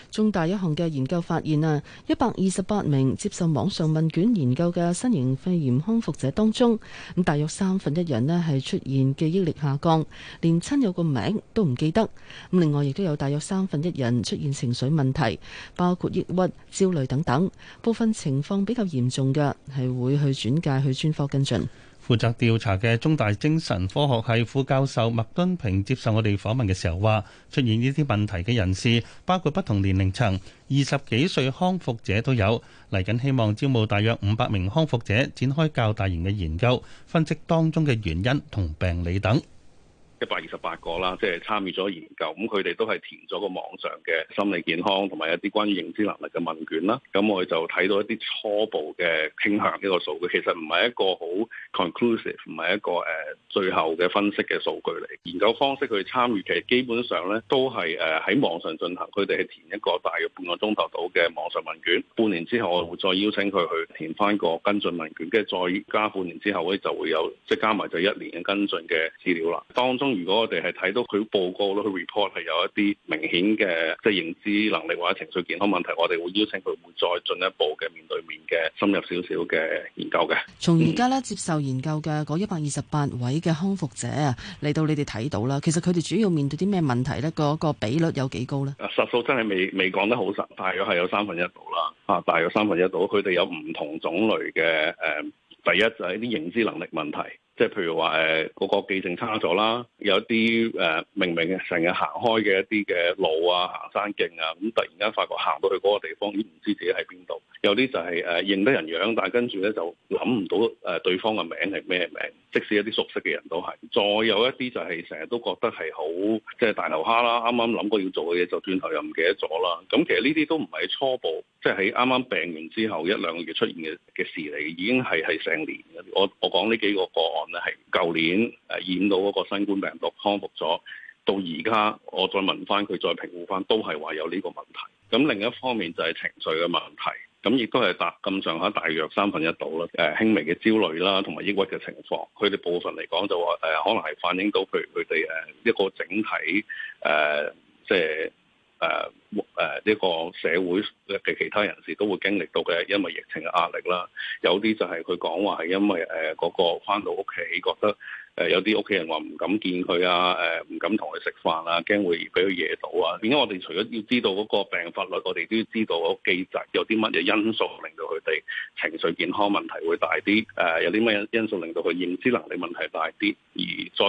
C: 重大一項嘅研究發現啊，一百二十八名接受網上問卷研究嘅新型肺炎康復者當中，咁大約三分一人呢係出現記憶力下降，連親友個名都唔記得。咁另外亦都有大約三分一人出現情緒問題，包括抑鬱、焦慮等等。部分情況比較嚴重嘅係會去轉介去專科跟進。
D: 負責調查嘅中大精神科學系副教授麥敦平接受我哋訪問嘅時候話：出現呢啲問題嘅人士包括不同年齡層，二十幾歲康復者都有。嚟緊希望招募大約五百名康復者，展開較大型嘅研究，分析當中嘅原因同病理等。
G: 一百二十八個啦，即係參與咗研究，咁佢哋都係填咗個網上嘅心理健康同埋一啲關於認知能力嘅問卷啦。咁我哋就睇到一啲初步嘅傾向呢個數據，其實唔係一個好 conclusive，唔係一個誒、呃、最後嘅分析嘅數據嚟。研究方式去參與其實基本上咧都係誒喺網上進行，佢哋係填一個大約半個鐘頭到嘅網上問卷。半年之後我會再邀請佢去填翻個跟進問卷，跟住再加半年之後咧就會有即係加埋就一年嘅跟進嘅資料啦。當中。如果我哋係睇到佢報告咯，佢 report 係有一啲明顯嘅即係認知能力或者情緒健康問題，我哋會邀請佢會再進一步嘅面對面嘅深入少少嘅研究嘅。從而家
C: 咧接受研究嘅嗰一百二十八位嘅康復者啊，嚟到你哋睇到啦，其實佢哋主要面對啲咩問題咧？個、嗰個比率有幾高咧？
G: 啊，實數真係未未講得好實，大約係有三分一度啦，啊，大約三分一度，佢哋有唔同種類嘅誒、呃，第一就係、是、啲認知能力問題。即係譬如話誒，個記性差咗啦，有啲誒、呃、明明成日行開嘅一啲嘅路啊、行山徑啊，咁、嗯、突然間發覺行到去嗰個地方，已經唔知自己喺邊度。有啲就係、是、誒、呃、認得人樣，但係跟住咧就諗唔到誒對方嘅名係咩名，即使一啲熟悉嘅人都係。再有一啲就係成日都覺得係好即係大頭蝦啦，啱啱諗過要做嘅嘢就轉頭又唔記得咗啦。咁其實呢啲都唔係初步，即係喺啱啱病完之後一兩個月出現嘅嘅事嚟，已經係係成年。我我講呢幾個個個案。係舊年誒、呃、染到嗰個新冠病毒康復咗，到而家我再問翻佢，再評估翻，都係話有呢個問題。咁另一方面就係情緒嘅問題，咁亦都係達咁上下，大約三分一度啦。誒、呃、輕微嘅焦慮啦，同埋抑鬱嘅情況，佢哋部分嚟講就話誒、呃，可能係反映到譬如佢哋誒一個整體誒、呃、即係。誒誒呢個社會嘅其他人士都會經歷到嘅，因為疫情嘅壓力啦，有啲就係佢講話係因為誒嗰、呃、個翻到屋企覺得誒、呃、有啲屋企人話唔敢見佢啊，誒、呃、唔敢同佢食飯啊，驚會俾佢惹到啊。點解？我哋除咗要知道嗰個病發率，我哋都要知道嗰個記載有啲乜嘢因素令到佢哋情緒健康問題會大啲，誒、呃、有啲乜嘢因素令到佢認知能力問題大啲，而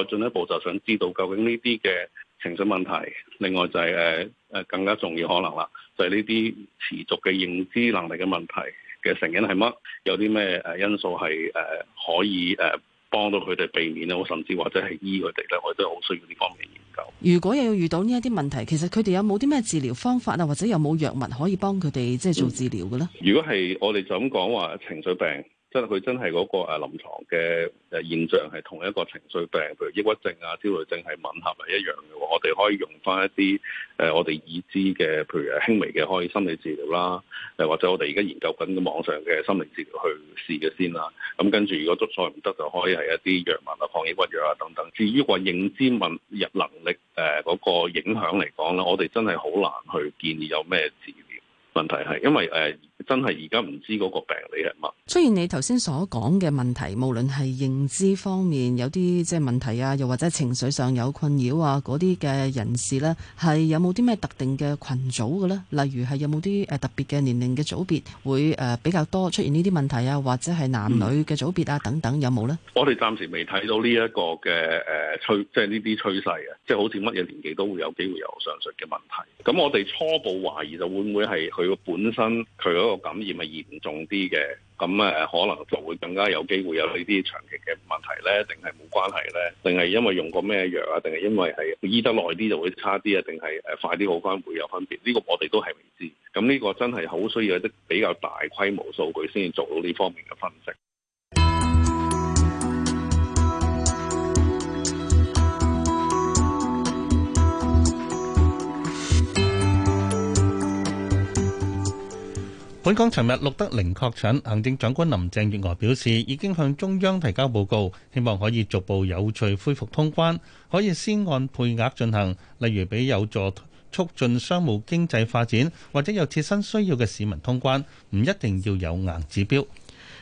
G: 再進一步就想知道究竟呢啲嘅情緒問題，另外就係、是、誒。呃誒，更加重要可能啦，就係呢啲持續嘅認知能力嘅問題嘅成因係乜？有啲咩誒因素係誒可以誒幫到佢哋避免咧？我甚至或者係醫佢哋咧，我真係好需要呢方面嘅研
C: 究。如果又要遇到呢一啲問題，其實佢哋有冇啲咩治療方法啊？或者有冇藥物可以幫佢哋，即係做治療嘅咧？
G: 如果係我哋就咁講話情緒病。即係佢真係嗰個誒臨牀嘅誒現象係同一個情緒病，譬如抑鬱症啊、焦慮症係吻合係一樣嘅。我哋可以用翻一啲誒我哋已知嘅，譬如誒輕微嘅可以心理治療啦，誒或者我哋而家研究緊嘅網上嘅心理治療去試嘅先啦。咁跟住如果足再唔得，就可以係一啲藥物啊、抗抑鬱藥啊等等。至於話認知問入能力誒嗰個影響嚟講咧，我哋真係好難去建議有咩治療。問題係，因為誒真係而家唔知嗰個病理係乜，
C: 出現你頭先所講嘅問題，無論係認知方面有啲即係問題啊，又或者情緒上有困擾啊，嗰啲嘅人士呢，係有冇啲咩特定嘅群組嘅呢？例如係有冇啲誒特別嘅年齡嘅組別會誒比較多出現呢啲問題啊，或者係男女嘅組別啊等等，有冇呢？
G: 嗯、我哋暫時未睇到呢一個嘅誒趨，即係呢啲趨勢嘅，即係、就是、好似乜嘢年紀都會有機會有上述嘅問題。咁我哋初步懷疑就會唔會係佢。佢本身佢嗰個感染係嚴重啲嘅，咁誒可能就會更加有機會有呢啲長期嘅問題咧，定係冇關係咧，定係因為用過咩藥啊，定係因為係醫得耐啲就會差啲啊，定係誒快啲好翻會有分別？呢個我哋都係未知，咁呢個真係好需要一啲比較大規模數據先至做到呢方面嘅分析。
D: 本港尋日錄得零確診，行政長官林鄭月娥表示，已經向中央提交報告，希望可以逐步有序恢復通關，可以先按配額進行，例如俾有助促進商務經濟發展，或者有切身需要嘅市民通關，唔一定要有硬指標。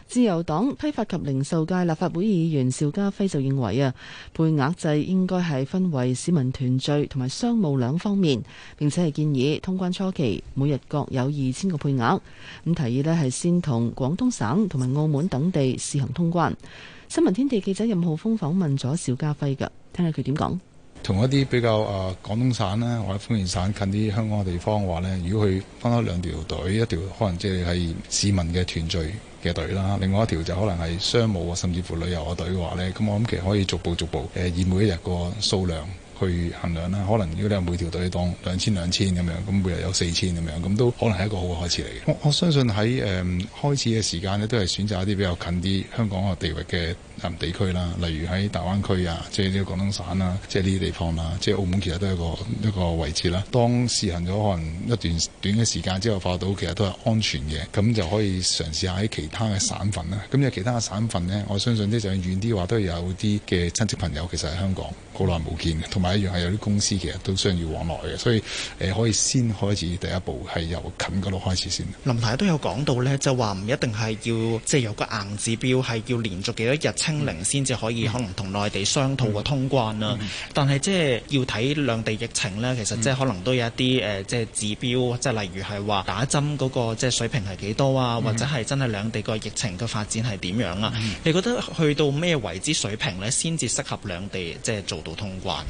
C: 自由黨批發及零售界立法會議員邵家輝就認為啊，配額制應該係分為市民團聚同埋商務兩方面，並且係建議通關初期每日各有二千個配額。咁提議呢係先同廣東省同埋澳門等地試行通關。新聞天地記者任浩峰訪問咗邵家輝㗎，聽下佢點講。
Q: 同一啲比較啊、呃、廣東省啦或者福建省近啲香港嘅地方嘅話咧，如果佢分開兩條隊，一條可能即係市民嘅團聚嘅隊啦，另外一條就可能係商務啊甚至乎旅遊嘅隊嘅話咧，咁我諗其實可以逐步逐步誒、呃、以每一日個數量去衡量啦。可能如果你係每條隊當兩千兩千咁樣，咁每日有四千咁樣，咁都可能係一個好嘅開始嚟嘅。我我相信喺誒、呃、開始嘅時間咧，都係選擇一啲比較近啲香港嘅地域嘅地區啦，例如喺大灣區啊，即係呢個廣東省啊，即係呢啲地方啦，即係澳門其實都係一個一個位置啦。當試行咗可能一段短嘅時間之後，發覺到其實都係安全嘅，咁就可以嘗試下喺其他嘅省份啦。咁有其他嘅省份呢，我相信呢，就遠啲話，都有啲嘅親戚朋友其實喺香港好耐冇見同埋一樣係有啲公司其實都需要往來嘅，所以誒可以先開始第一步係由近嗰度開始先。
K: 林太都有講到呢，就話唔一定係要即係、就是、有個硬指標，係要連續幾多日。清零先至可以可能同內地商討個通關啦、啊，嗯、但係即係要睇兩地疫情咧，其實即係可能都有一啲誒即係指標，即係、嗯、例如係話打針嗰個即係水平係幾多啊，嗯、或者係真係兩地個疫情嘅發展係點樣啊？嗯、你覺得去到咩為之水平咧，先
Q: 至適合兩地即係、就是、做到通關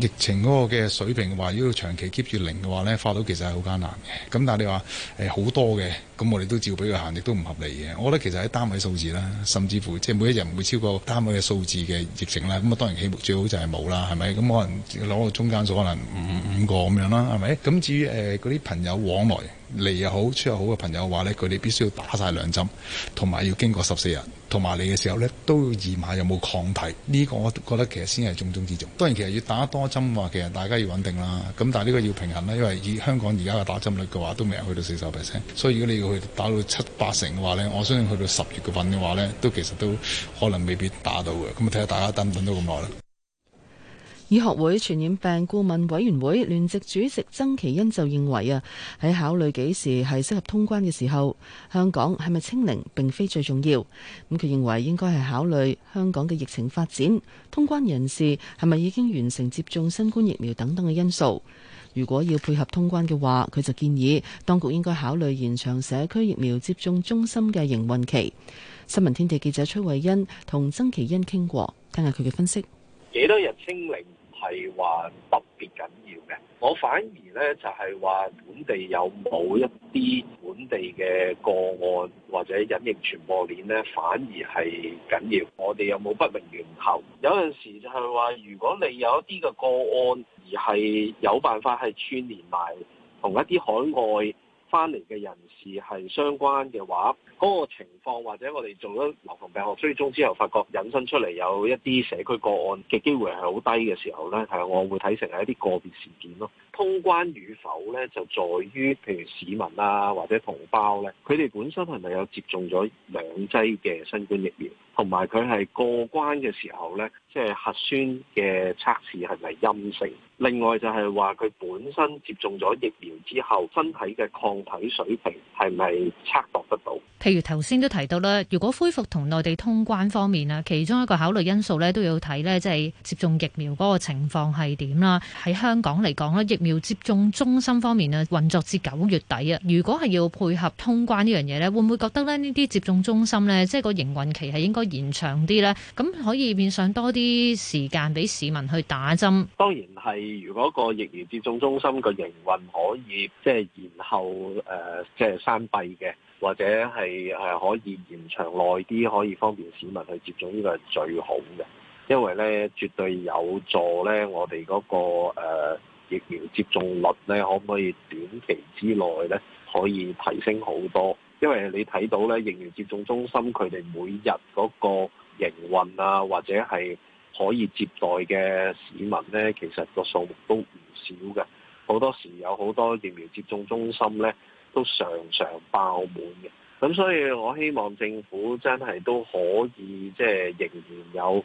Q: 疫情嗰個嘅水平嘅話，如果要長期 keep 住零嘅話咧，發到其實係好艱難嘅。咁但係你話誒好多嘅，咁我哋都照俾佢行，亦都唔合理嘅。我覺得其實喺單位數字啦，甚至乎即係每一日唔會超過。單位嘅數字嘅疫情啦，咁啊當然希望最好就係冇啦，係咪？咁可能攞到中間數，可能五五個咁樣啦，係咪？咁至於誒嗰啲朋友往來。嚟又好，出又好嘅朋友話咧，佢哋必須要打晒兩針，同埋要經過十四日，同埋嚟嘅時候咧都要驗下有冇抗體。呢個我覺得其實先係重中之重。當然，其實要打多針話，其實大家要穩定啦。咁但係呢個要平衡啦，因為以香港而家嘅打針率嘅話，都未有去到四十 percent。所以如果你要去打到七八成嘅話咧，我相信去到十月嘅份嘅話咧，都其實都可能未必打到嘅。咁啊，睇下大家等唔等到咁耐啦。
C: 醫學會傳染病顧問委員會聯席主席曾其恩就認為啊，喺考慮幾時係適合通關嘅時候，香港係咪清零並非最重要。咁佢認為應該係考慮香港嘅疫情發展、通關人士係咪已經完成接種新冠疫苗等等嘅因素。如果要配合通關嘅話，佢就建議當局應該考慮延長社區疫苗接種中心嘅營運期。新聞天地記者崔慧欣同曾其恩傾過，聽下佢嘅分析。
I: 幾多日清零？係話特別緊要嘅，我反而呢就係話本地有冇一啲本地嘅個案或者隱形傳播鏈呢，反而係緊要。我哋有冇不明源頭？有陣時就係話，如果你有一啲嘅個案而係有辦法係串聯埋同一啲海外。翻嚟嘅人士係相關嘅話，嗰、那個情況或者我哋做咗流行病學追蹤之後，發覺引申出嚟有一啲社區個案嘅機會係好低嘅時候呢，係我會睇成係一啲個別事件咯。通關與否咧，就在於譬如市民啊，或者同胞咧，佢哋本身係咪有接種咗兩劑嘅新冠疫苗，同埋佢係過關嘅時候咧，即係核酸嘅測試係咪陰性？另外就係話佢本身接種咗疫苗之後，身體嘅抗體水平係咪測度得到？
P: 譬如頭先都提到啦，如果恢復同內地通關方面啊，其中一個考慮因素咧，都要睇咧，即係接種疫苗嗰個情況係點啦。喺香港嚟講咧，疫苗。要接種中心方面啊，運作至九月底啊。如果係要配合通關呢樣嘢咧，會唔會覺得咧，呢啲接種中心咧，即係個營運期係應該延長啲咧？咁可以變相多啲時間俾市民去打針。
I: 當然係，如果個疫苗接種中心個營運可以即係延後誒，即係關閉嘅，或者係係可以延長耐啲，可以方便市民去接種呢個係最好嘅，因為咧絕對有助咧我哋嗰個誒。呃疫苗接種率咧，可唔可以短期之內咧可以提升好多？因為你睇到咧，疫苗接種中心佢哋每日嗰個營運啊，或者係可以接待嘅市民咧，其實個數目都唔少嘅。好多時有好多疫苗接種中心咧，都常常爆滿嘅。咁所以我希望政府真係都可以即係、就是、仍然有。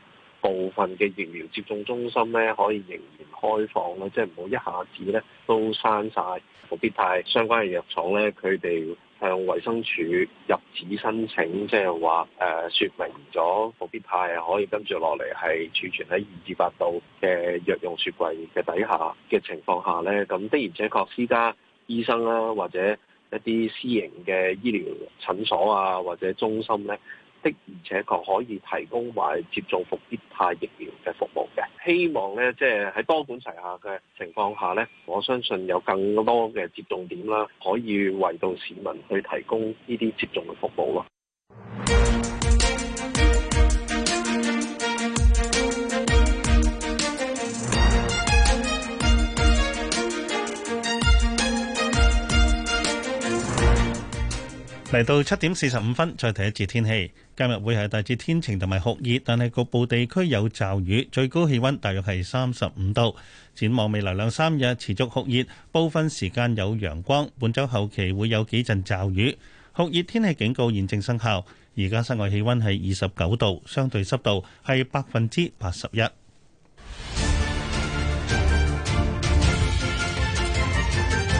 I: 部分嘅疫苗接種中心咧，可以仍然開放咯，即係唔好一下子咧都刪晒。伏必泰相關嘅藥廠咧，佢哋向衛生署入紙申請，即係話誒說明咗伏必泰可以跟住落嚟係儲存喺二至八度嘅藥用雪櫃嘅底下嘅情況下咧，咁的而且確私家醫生啦、啊，或者一啲私營嘅醫療診所啊，或者中心咧。的而且確可以提供埋接種復必泰疫苗嘅服務嘅。希望咧，即係喺多管齊下嘅情況下咧，我相信有更多嘅接種點啦，可以為到市民去提供呢啲接種嘅服務咯。
D: 嚟到七點四十五分，再睇一次天氣。今日會係大致天晴同埋酷熱，但係局部地區有驟雨，最高氣溫大約係三十五度。展望未來兩三日持續酷熱，部分時間有陽光。本周後期會有幾陣驟雨，酷熱天氣警告現正生效。而家室外氣溫係二十九度，相對濕度係百分之八十一。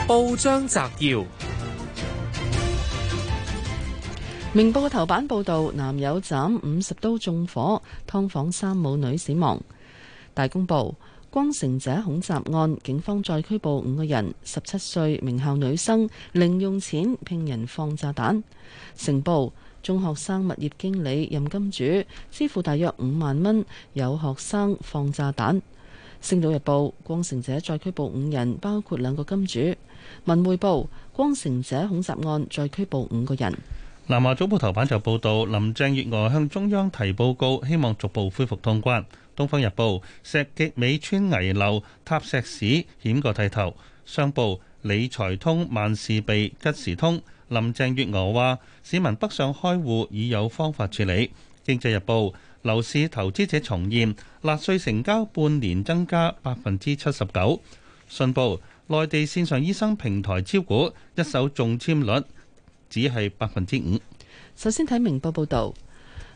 C: 報章摘要。明報嘅頭版報道，男友斬五十刀，縱火，劏房三母女死亡。大公報光城者恐襲案，警方再拘捕五個人。十七歲名校女生零用錢聘人放炸彈。成報中學生物業經理任金主支付大約五萬蚊，有學生放炸彈。星島日報光城者再拘捕五人，包括兩個金主。文匯報光城者恐襲案再拘捕五個人。
D: 南華早報頭版就報導，林鄭月娥向中央提報告，希望逐步恢復通關。東方日報石極美村危樓塔石屎險個剃頭。商報理財通萬事備吉時通。林鄭月娥話：市民北上開戶已有方法處理。經濟日報樓市投資者重現，納稅成交半年增加百分之七十九。信報內地線上醫生平台招股一手中籤率。只係百分之五。
C: 首先睇明報報道，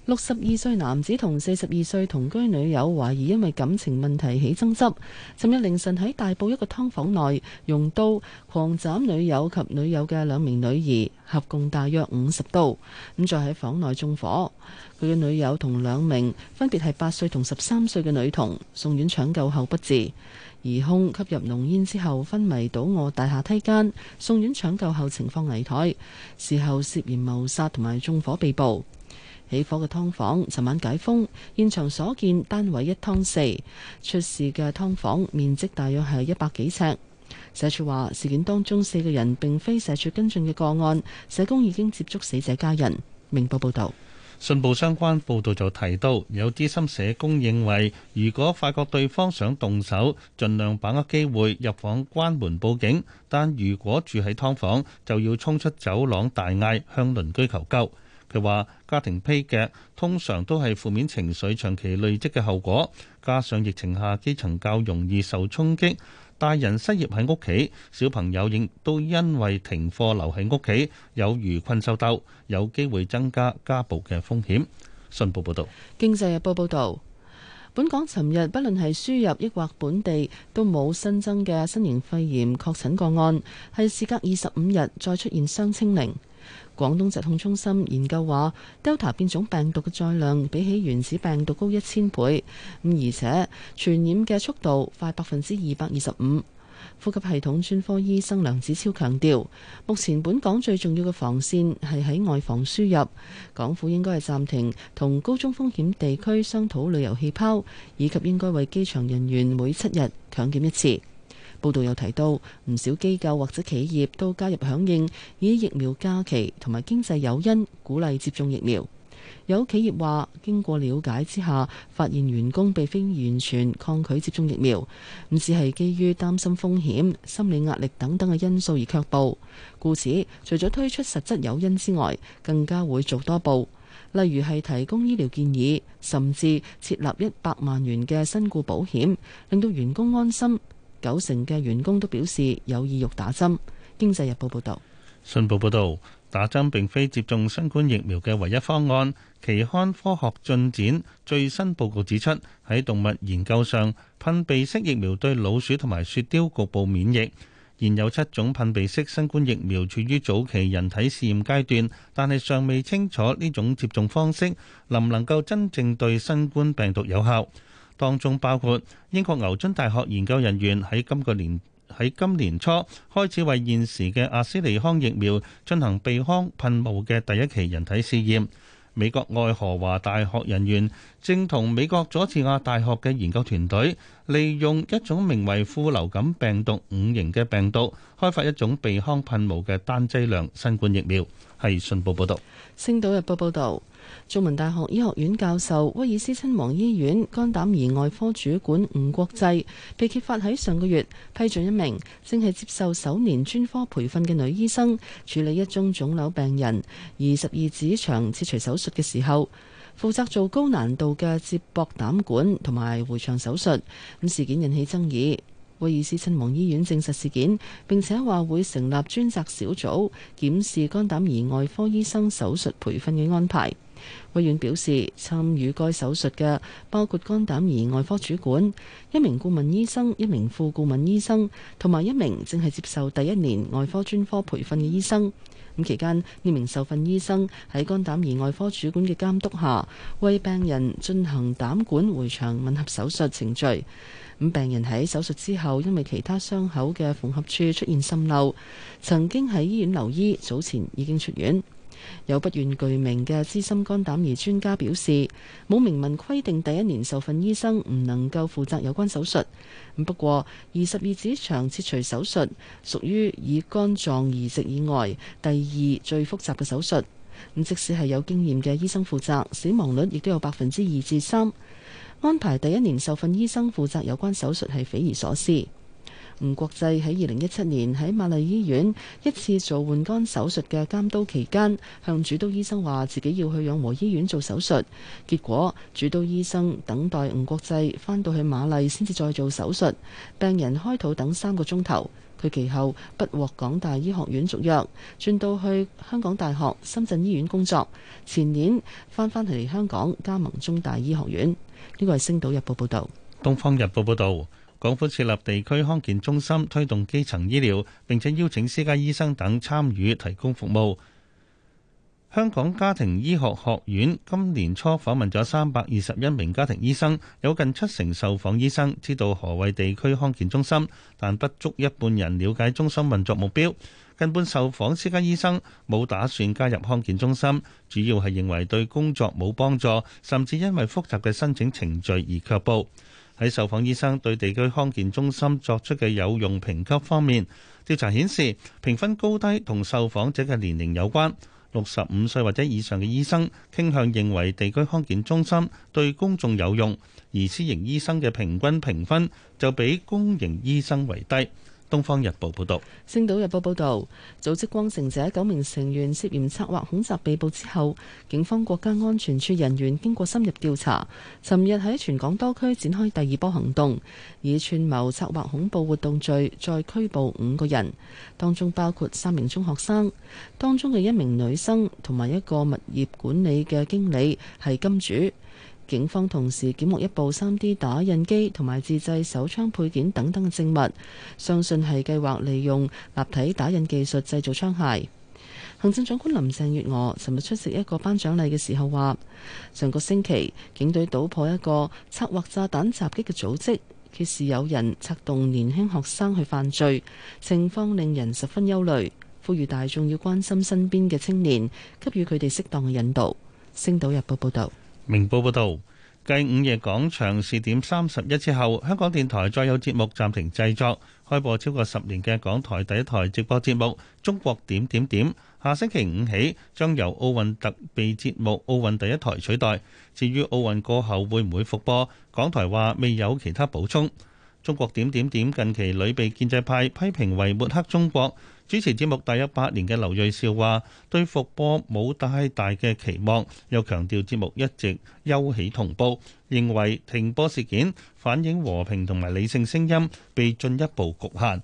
C: 六十二歲男子同四十二歲同居女友懷疑因為感情問題起爭執，尋日凌晨喺大埔一個湯房內用刀狂斬女友及女友嘅兩名女兒，合共大約五十刀。咁再喺房內縱火，佢嘅女友同兩名分別係八歲同十三歲嘅女童送院搶救後不治。疑兇吸入濃煙之後昏迷倒臥大廈梯間，送院搶救後情況危殆。事後涉嫌謀殺同埋縱火被捕。起火嘅劏房尋晚解封，現場所見單位一劏四，出事嘅劏房面積大約係一百幾尺。社署話事件當中四個人並非社署跟進嘅個案，社工已經接觸死者家人。明報報道。
D: 信報相關報導就提到，有資深社工認為，如果發覺對方想動手，盡量把握機會入房關門報警；但如果住喺劏房，就要衝出走廊大嗌向鄰居求救。佢話：家庭悲劇通常都係負面情緒長期累積嘅後果，加上疫情下基層較容易受衝擊。大人失業喺屋企，小朋友亦都因為停課留喺屋企，有如困獸鬥，有機會增加家暴嘅風險。信報報導，
C: 《經濟日報》報道：本港尋日，不論係輸入抑或本地，都冇新增嘅新型肺炎確診個案，係事隔二十五日再出現雙清零。廣東疾控中心研究話，Delta 變種病毒嘅載量比起原始病毒高一千倍，咁而且傳染嘅速度快百分之二百二十五。呼吸系統專科醫生梁子超強調，目前本港最重要嘅防線係喺外防輸入，港府應該係暫停同高中風險地區商討旅遊氣泡，以及應該為機場人員每七日強檢一次。報道有提到，唔少機構或者企業都加入響應，以疫苗假期同埋經濟誘因，鼓勵接種疫苗。有企業話，經過了解之下，發現員工並非完全抗拒接種疫苗，唔只係基於擔心風險、心理壓力等等嘅因素而卻步。故此，除咗推出實質誘因之外，更加會做多步，例如係提供醫療建議，甚至設立一百萬元嘅身故保險，令到員工安心。九成嘅員工都表示有意欲打針。經濟日報報導，
D: 信報報導，打針並非接種新冠疫苗嘅唯一方案。期刊科學進展最新報告指出，喺動物研究上，噴鼻式疫苗對老鼠同埋雪貂局部免疫。現有七種噴鼻式新冠疫苗處於早期人體試驗階段，但係尚未清楚呢種接種方式能唔能夠真正對新冠病毒有效。當中包括英國牛津大學研究人員喺今個年喺今年初開始，為現時嘅阿斯利康疫苗進行鼻腔噴霧嘅第一期人體試驗。美國愛荷華大學人員正同美國佐治亞大學嘅研究團隊，利用一種名為副流感病毒五型嘅病毒，開發一種鼻腔噴霧嘅單劑量新冠疫苗。係信報報道，
C: 《星島日報》報道。中文大學醫學院教授、威爾斯親王醫院肝膽胰外科主管吳國際被揭發喺上個月批准一名正係接受首年專科培訓嘅女醫生處理一宗腫瘤病人二十二指腸切除手術嘅時候，負責做高難度嘅接駁膽管同埋回腸手術。咁事件引起爭議。威爾斯親王醫院證實事件，並且話會成立專責小組檢視肝膽胰外科醫生手術培訓嘅安排。醫院表示，參與該手術嘅包括肝膽胰外科主管、一名顧問醫生、一名副顧問醫生同埋一名正係接受第一年外科專科培訓嘅醫生。咁期間，呢名受訓醫生喺肝膽胰外科主管嘅監督下，為病人進行膽管回腸吻合手術程序。咁病人喺手術之後，因為其他傷口嘅縫合處出現滲漏，曾經喺醫院留醫，早前已經出院。有不願具名嘅資深肝膽胰專家表示，冇明文規定第一年受訓醫生唔能夠負責有關手術。不過，胰十二指腸切除手術屬於以肝臟移植以外第二最複雜嘅手術。咁即使係有經驗嘅醫生負責，死亡率亦都有百分之二至三。安排第一年受訓醫生負責有關手術係匪夷所思。吳國際喺二零一七年喺瑪麗醫院一次做換肝手術嘅監督期間，向主刀醫生話自己要去養和醫院做手術，結果主刀醫生等待吳國際返到去瑪麗先至再做手術，病人開肚等三個鐘頭，佢其後不獲港大醫學院續約，轉到去香港大學深圳醫院工作，前年翻返嚟香港加盟中大醫學院，呢個係《星島日報》報道，
D: 《東方日報》報道。港府設立地區康健中心，推動基層醫療，並且邀請私家醫生等參與提供服務。香港家庭醫學學院今年初訪問咗三百二十一名家庭醫生，有近七成受訪醫生知道何謂地區康健中心，但不足一半人了解中心運作目標。近半受訪私家醫生冇打算加入康健中心，主要係認為對工作冇幫助，甚至因為複雜嘅申請程序而卻步。喺受訪醫生對地區康健中心作出嘅有用評級方面，調查顯示評分高低同受訪者嘅年齡有關。六十五歲或者以上嘅醫生傾向認為地區康健中心對公眾有用，而私營醫生嘅平均評分就比公營醫生為低。《東方日報》報導，
C: 《星島日報》報導，組織光城者九名成員涉嫌策劃恐襲被捕之後，警方國家安全處人員經過深入調查，尋日喺全港多區展開第二波行動，以串謀策劃恐怖活動罪再拘捕五個人，當中包括三名中學生，當中嘅一名女生同埋一個物業管理嘅經理係金主。警方同時檢獲一部三 D 打印機同埋自製手槍配件等等嘅證物，相信係計劃利用立體打印技術製造槍械。行政長官林鄭月娥尋日出席一個頒獎禮嘅時候話，上個星期警隊搗破一個策劃炸彈襲擊嘅組織，揭示有人策動年輕學生去犯罪，情況令人十分憂慮，呼籲大眾要關心身邊嘅青年，給予佢哋適當嘅引導。《星島日報》報導。
D: 明報報導，繼午夜廣場視點三十一次後，香港電台再有節目暫停製作。開播超過十年嘅港台第一台直播節目《中國點點點》，下星期五起將由奧運特別節目《奧運第一台》取代。至於奧運過後會唔會復播，港台話未有其他補充。《中國點點點》近期屢被建制派批評為抹黑中國。主持節目第十八年嘅劉銳紹話：對復播冇太大嘅期望，又強調節目一直休起同步，認為停播事件反映和平同埋理性聲音被進一步局限。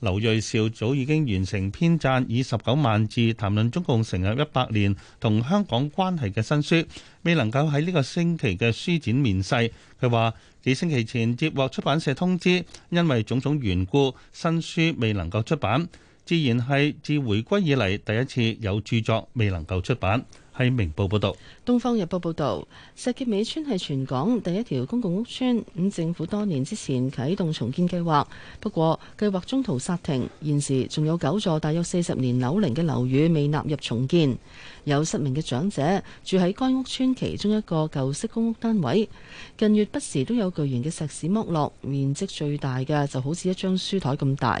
D: 劉銳紹早已經完成編撰以十九萬字談論中共成立一百年同香港關係嘅新書，未能夠喺呢個星期嘅書展面世。佢話：幾星期前接獲出版社通知，因為種種緣故，新書未能夠出版。自然係自回歸以嚟第一次有著作未能夠出版。《明報》
O: 報道，
C: 《東方日報》報道，石硤尾村係全港第一條公共屋村。咁政府多年之前啟動重建計劃，不過計劃中途煞停。現時仲有九座大約四十年樓齡嘅樓宇未納入重建。有失明嘅長者住喺該屋村其中一個舊式公屋單位。近月不時都有巨型嘅石屎剝落，面積最大嘅就好似一張書枱咁大。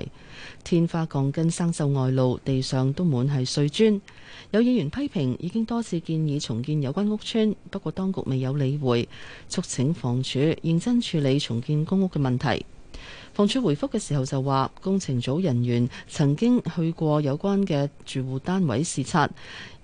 C: 天花鋼筋生鏽外露，地上都滿係碎磚。有議員批評已經多次建議重建有關屋邨，不過當局未有理會，促請房署認真處理重建公屋嘅問題。房署回覆嘅時候就話，工程組人員曾經去過有關嘅住戶單位視察，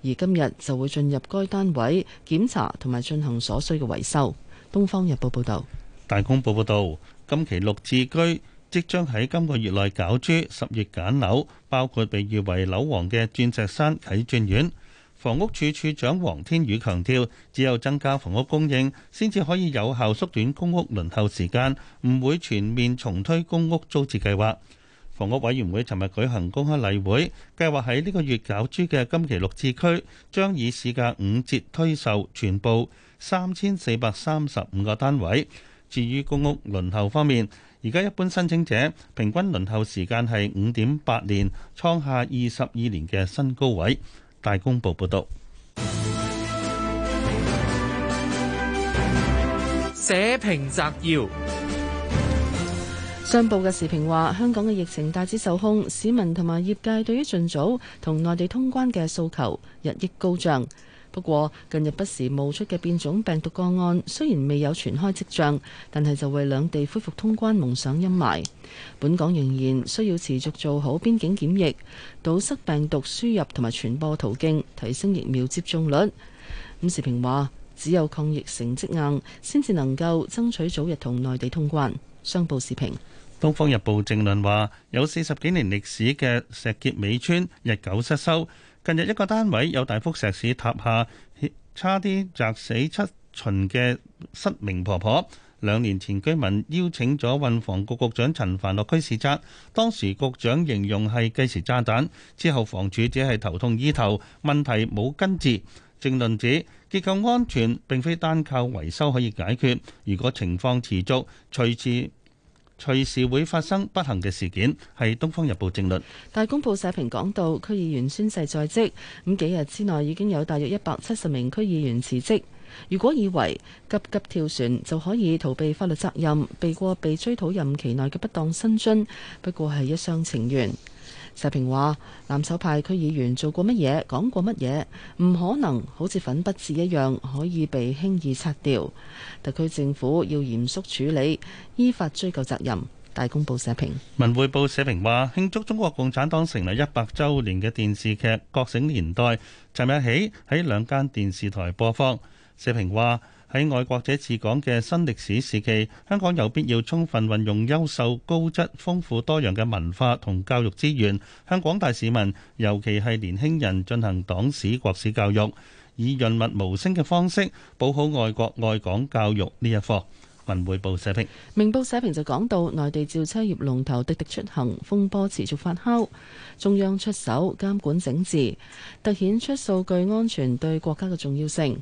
C: 而今日就會進入該單位檢查同埋進行所需嘅維修。《東方日報》報道，
D: 《大公報》報道，今期六字居。即將喺今個月內攪珠，十月揀樓，包括被譽為樓王嘅鑽石山啟鑽苑。房屋處處長黃天宇強調，只有增加房屋供應，先至可以有效縮短公屋輪候時間，唔會全面重推公屋租置計劃。房屋委員會尋日舉行公開例會，計劃喺呢個月攪珠嘅今期綠置居，將以市價五折推售全部三千四百三十五個單位。至於公屋輪候方面，而家一般申請者平均輪候時間係五點八年，創下二十二年嘅新高位。大公報報導，
K: 社評摘要：
C: 信報嘅時評話：香港嘅疫情大致受控，市民同埋業界對於盡早同內地通關嘅訴求日益高漲。不過，近日不時冒出嘅變種病毒個案，雖然未有傳開跡象，但係就為兩地恢復通關夢想陰霾。本港仍然需要持續做好邊境檢疫，堵塞病毒輸入同埋傳播途徑，提升疫苗接種率。伍士平話，只有抗疫成績硬，先至能夠爭取早日同內地通關。商報時評，
D: 《東方日報》正論話，有四十幾年歷史嘅石硤尾村日久失修。近日一個單位有大幅石屎塌下，差啲砸死七旬嘅失明婆婆。兩年前居民邀請咗運房局局長陳帆落區視察，當時局長形容係計時炸彈。之後房主只係頭痛醫頭，問題冇根治。正論指結構安全並非單靠維修可以解決，如果情況持續，隨時隨時會發生不幸嘅事件，係《東方日報》正論。
C: 大公報社評講到，區議員宣誓在職，咁幾日之內已經有大約一百七十名區議員辭職。如果以為急急跳船就可以逃避法律責任、避過被追討任期內嘅不當薪津，不過係一廂情願。社評話：攬炒派區議員做過乜嘢，講過乜嘢，唔可能好似粉筆字一樣可以被輕易擦掉。特區政府要嚴肅處理，依法追究責任。大公報社評。
D: 文匯報社評話：慶祝中國共產黨成立一百周年嘅電視劇《覺醒年代》，尋日起喺兩間電視台播放。社評話。喺外國者治港嘅新歷史時期，香港有必要充分運用優秀、高質、豐富多樣嘅文化同教育資源，向廣大市民，尤其係年輕人進行黨史、國史教育，以潤物無聲嘅方式，補好外國外港教育呢一課。文匯報社評。
C: 明報社評就講到，內地召車業龍頭滴滴出行風波持續發酵，中央出手監管整治，突顯出數據安全對國家嘅重要性。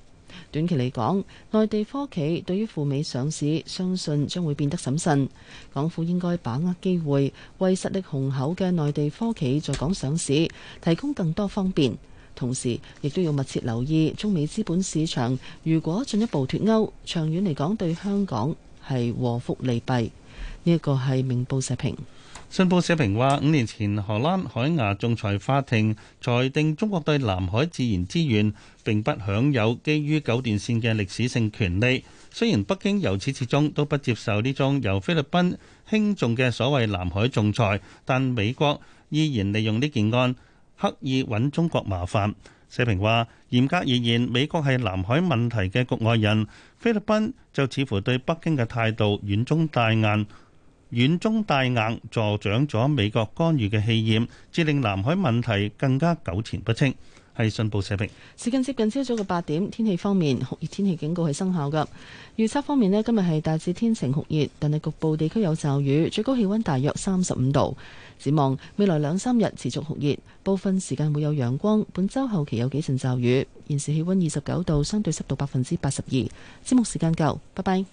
C: 短期嚟講，內地科企對於赴美上市，相信將會變得審慎。港府應該把握機會，為實力雄厚嘅內地科企在港上市提供更多方便，同時亦都要密切留意中美資本市場。如果進一步脫鉤，長遠嚟講對香港係禍福利弊，呢一個係明報社評。
D: 信報社評話，五年前，荷蘭海牙仲裁法庭裁定中國對南海自然資源並不享有基於九段線嘅歷史性權利。雖然北京由始至終都不接受呢宗由菲律賓輕重嘅所謂南海仲裁，但美國依然利用呢件案刻意揾中國麻煩。社評話，嚴格而言，美國係南海問題嘅局外人，菲律賓就似乎對北京嘅態度軟中帶硬。軟中帶硬，助長咗美國干預嘅氣焰，致令南海問題更加糾纏不清。係信報社評。
C: 時間接近朝早嘅八點，天氣方面酷熱天氣警告係生效㗎。預測方面咧，今日係大致天晴酷熱，但係局部地區有驟雨，最高氣温大約三十五度。展望未來兩三日持續酷熱，部分時間會有陽光。本周後期有幾陣驟雨。現時氣温二十九度，相對濕度百分之八十二。節目時間夠，拜拜。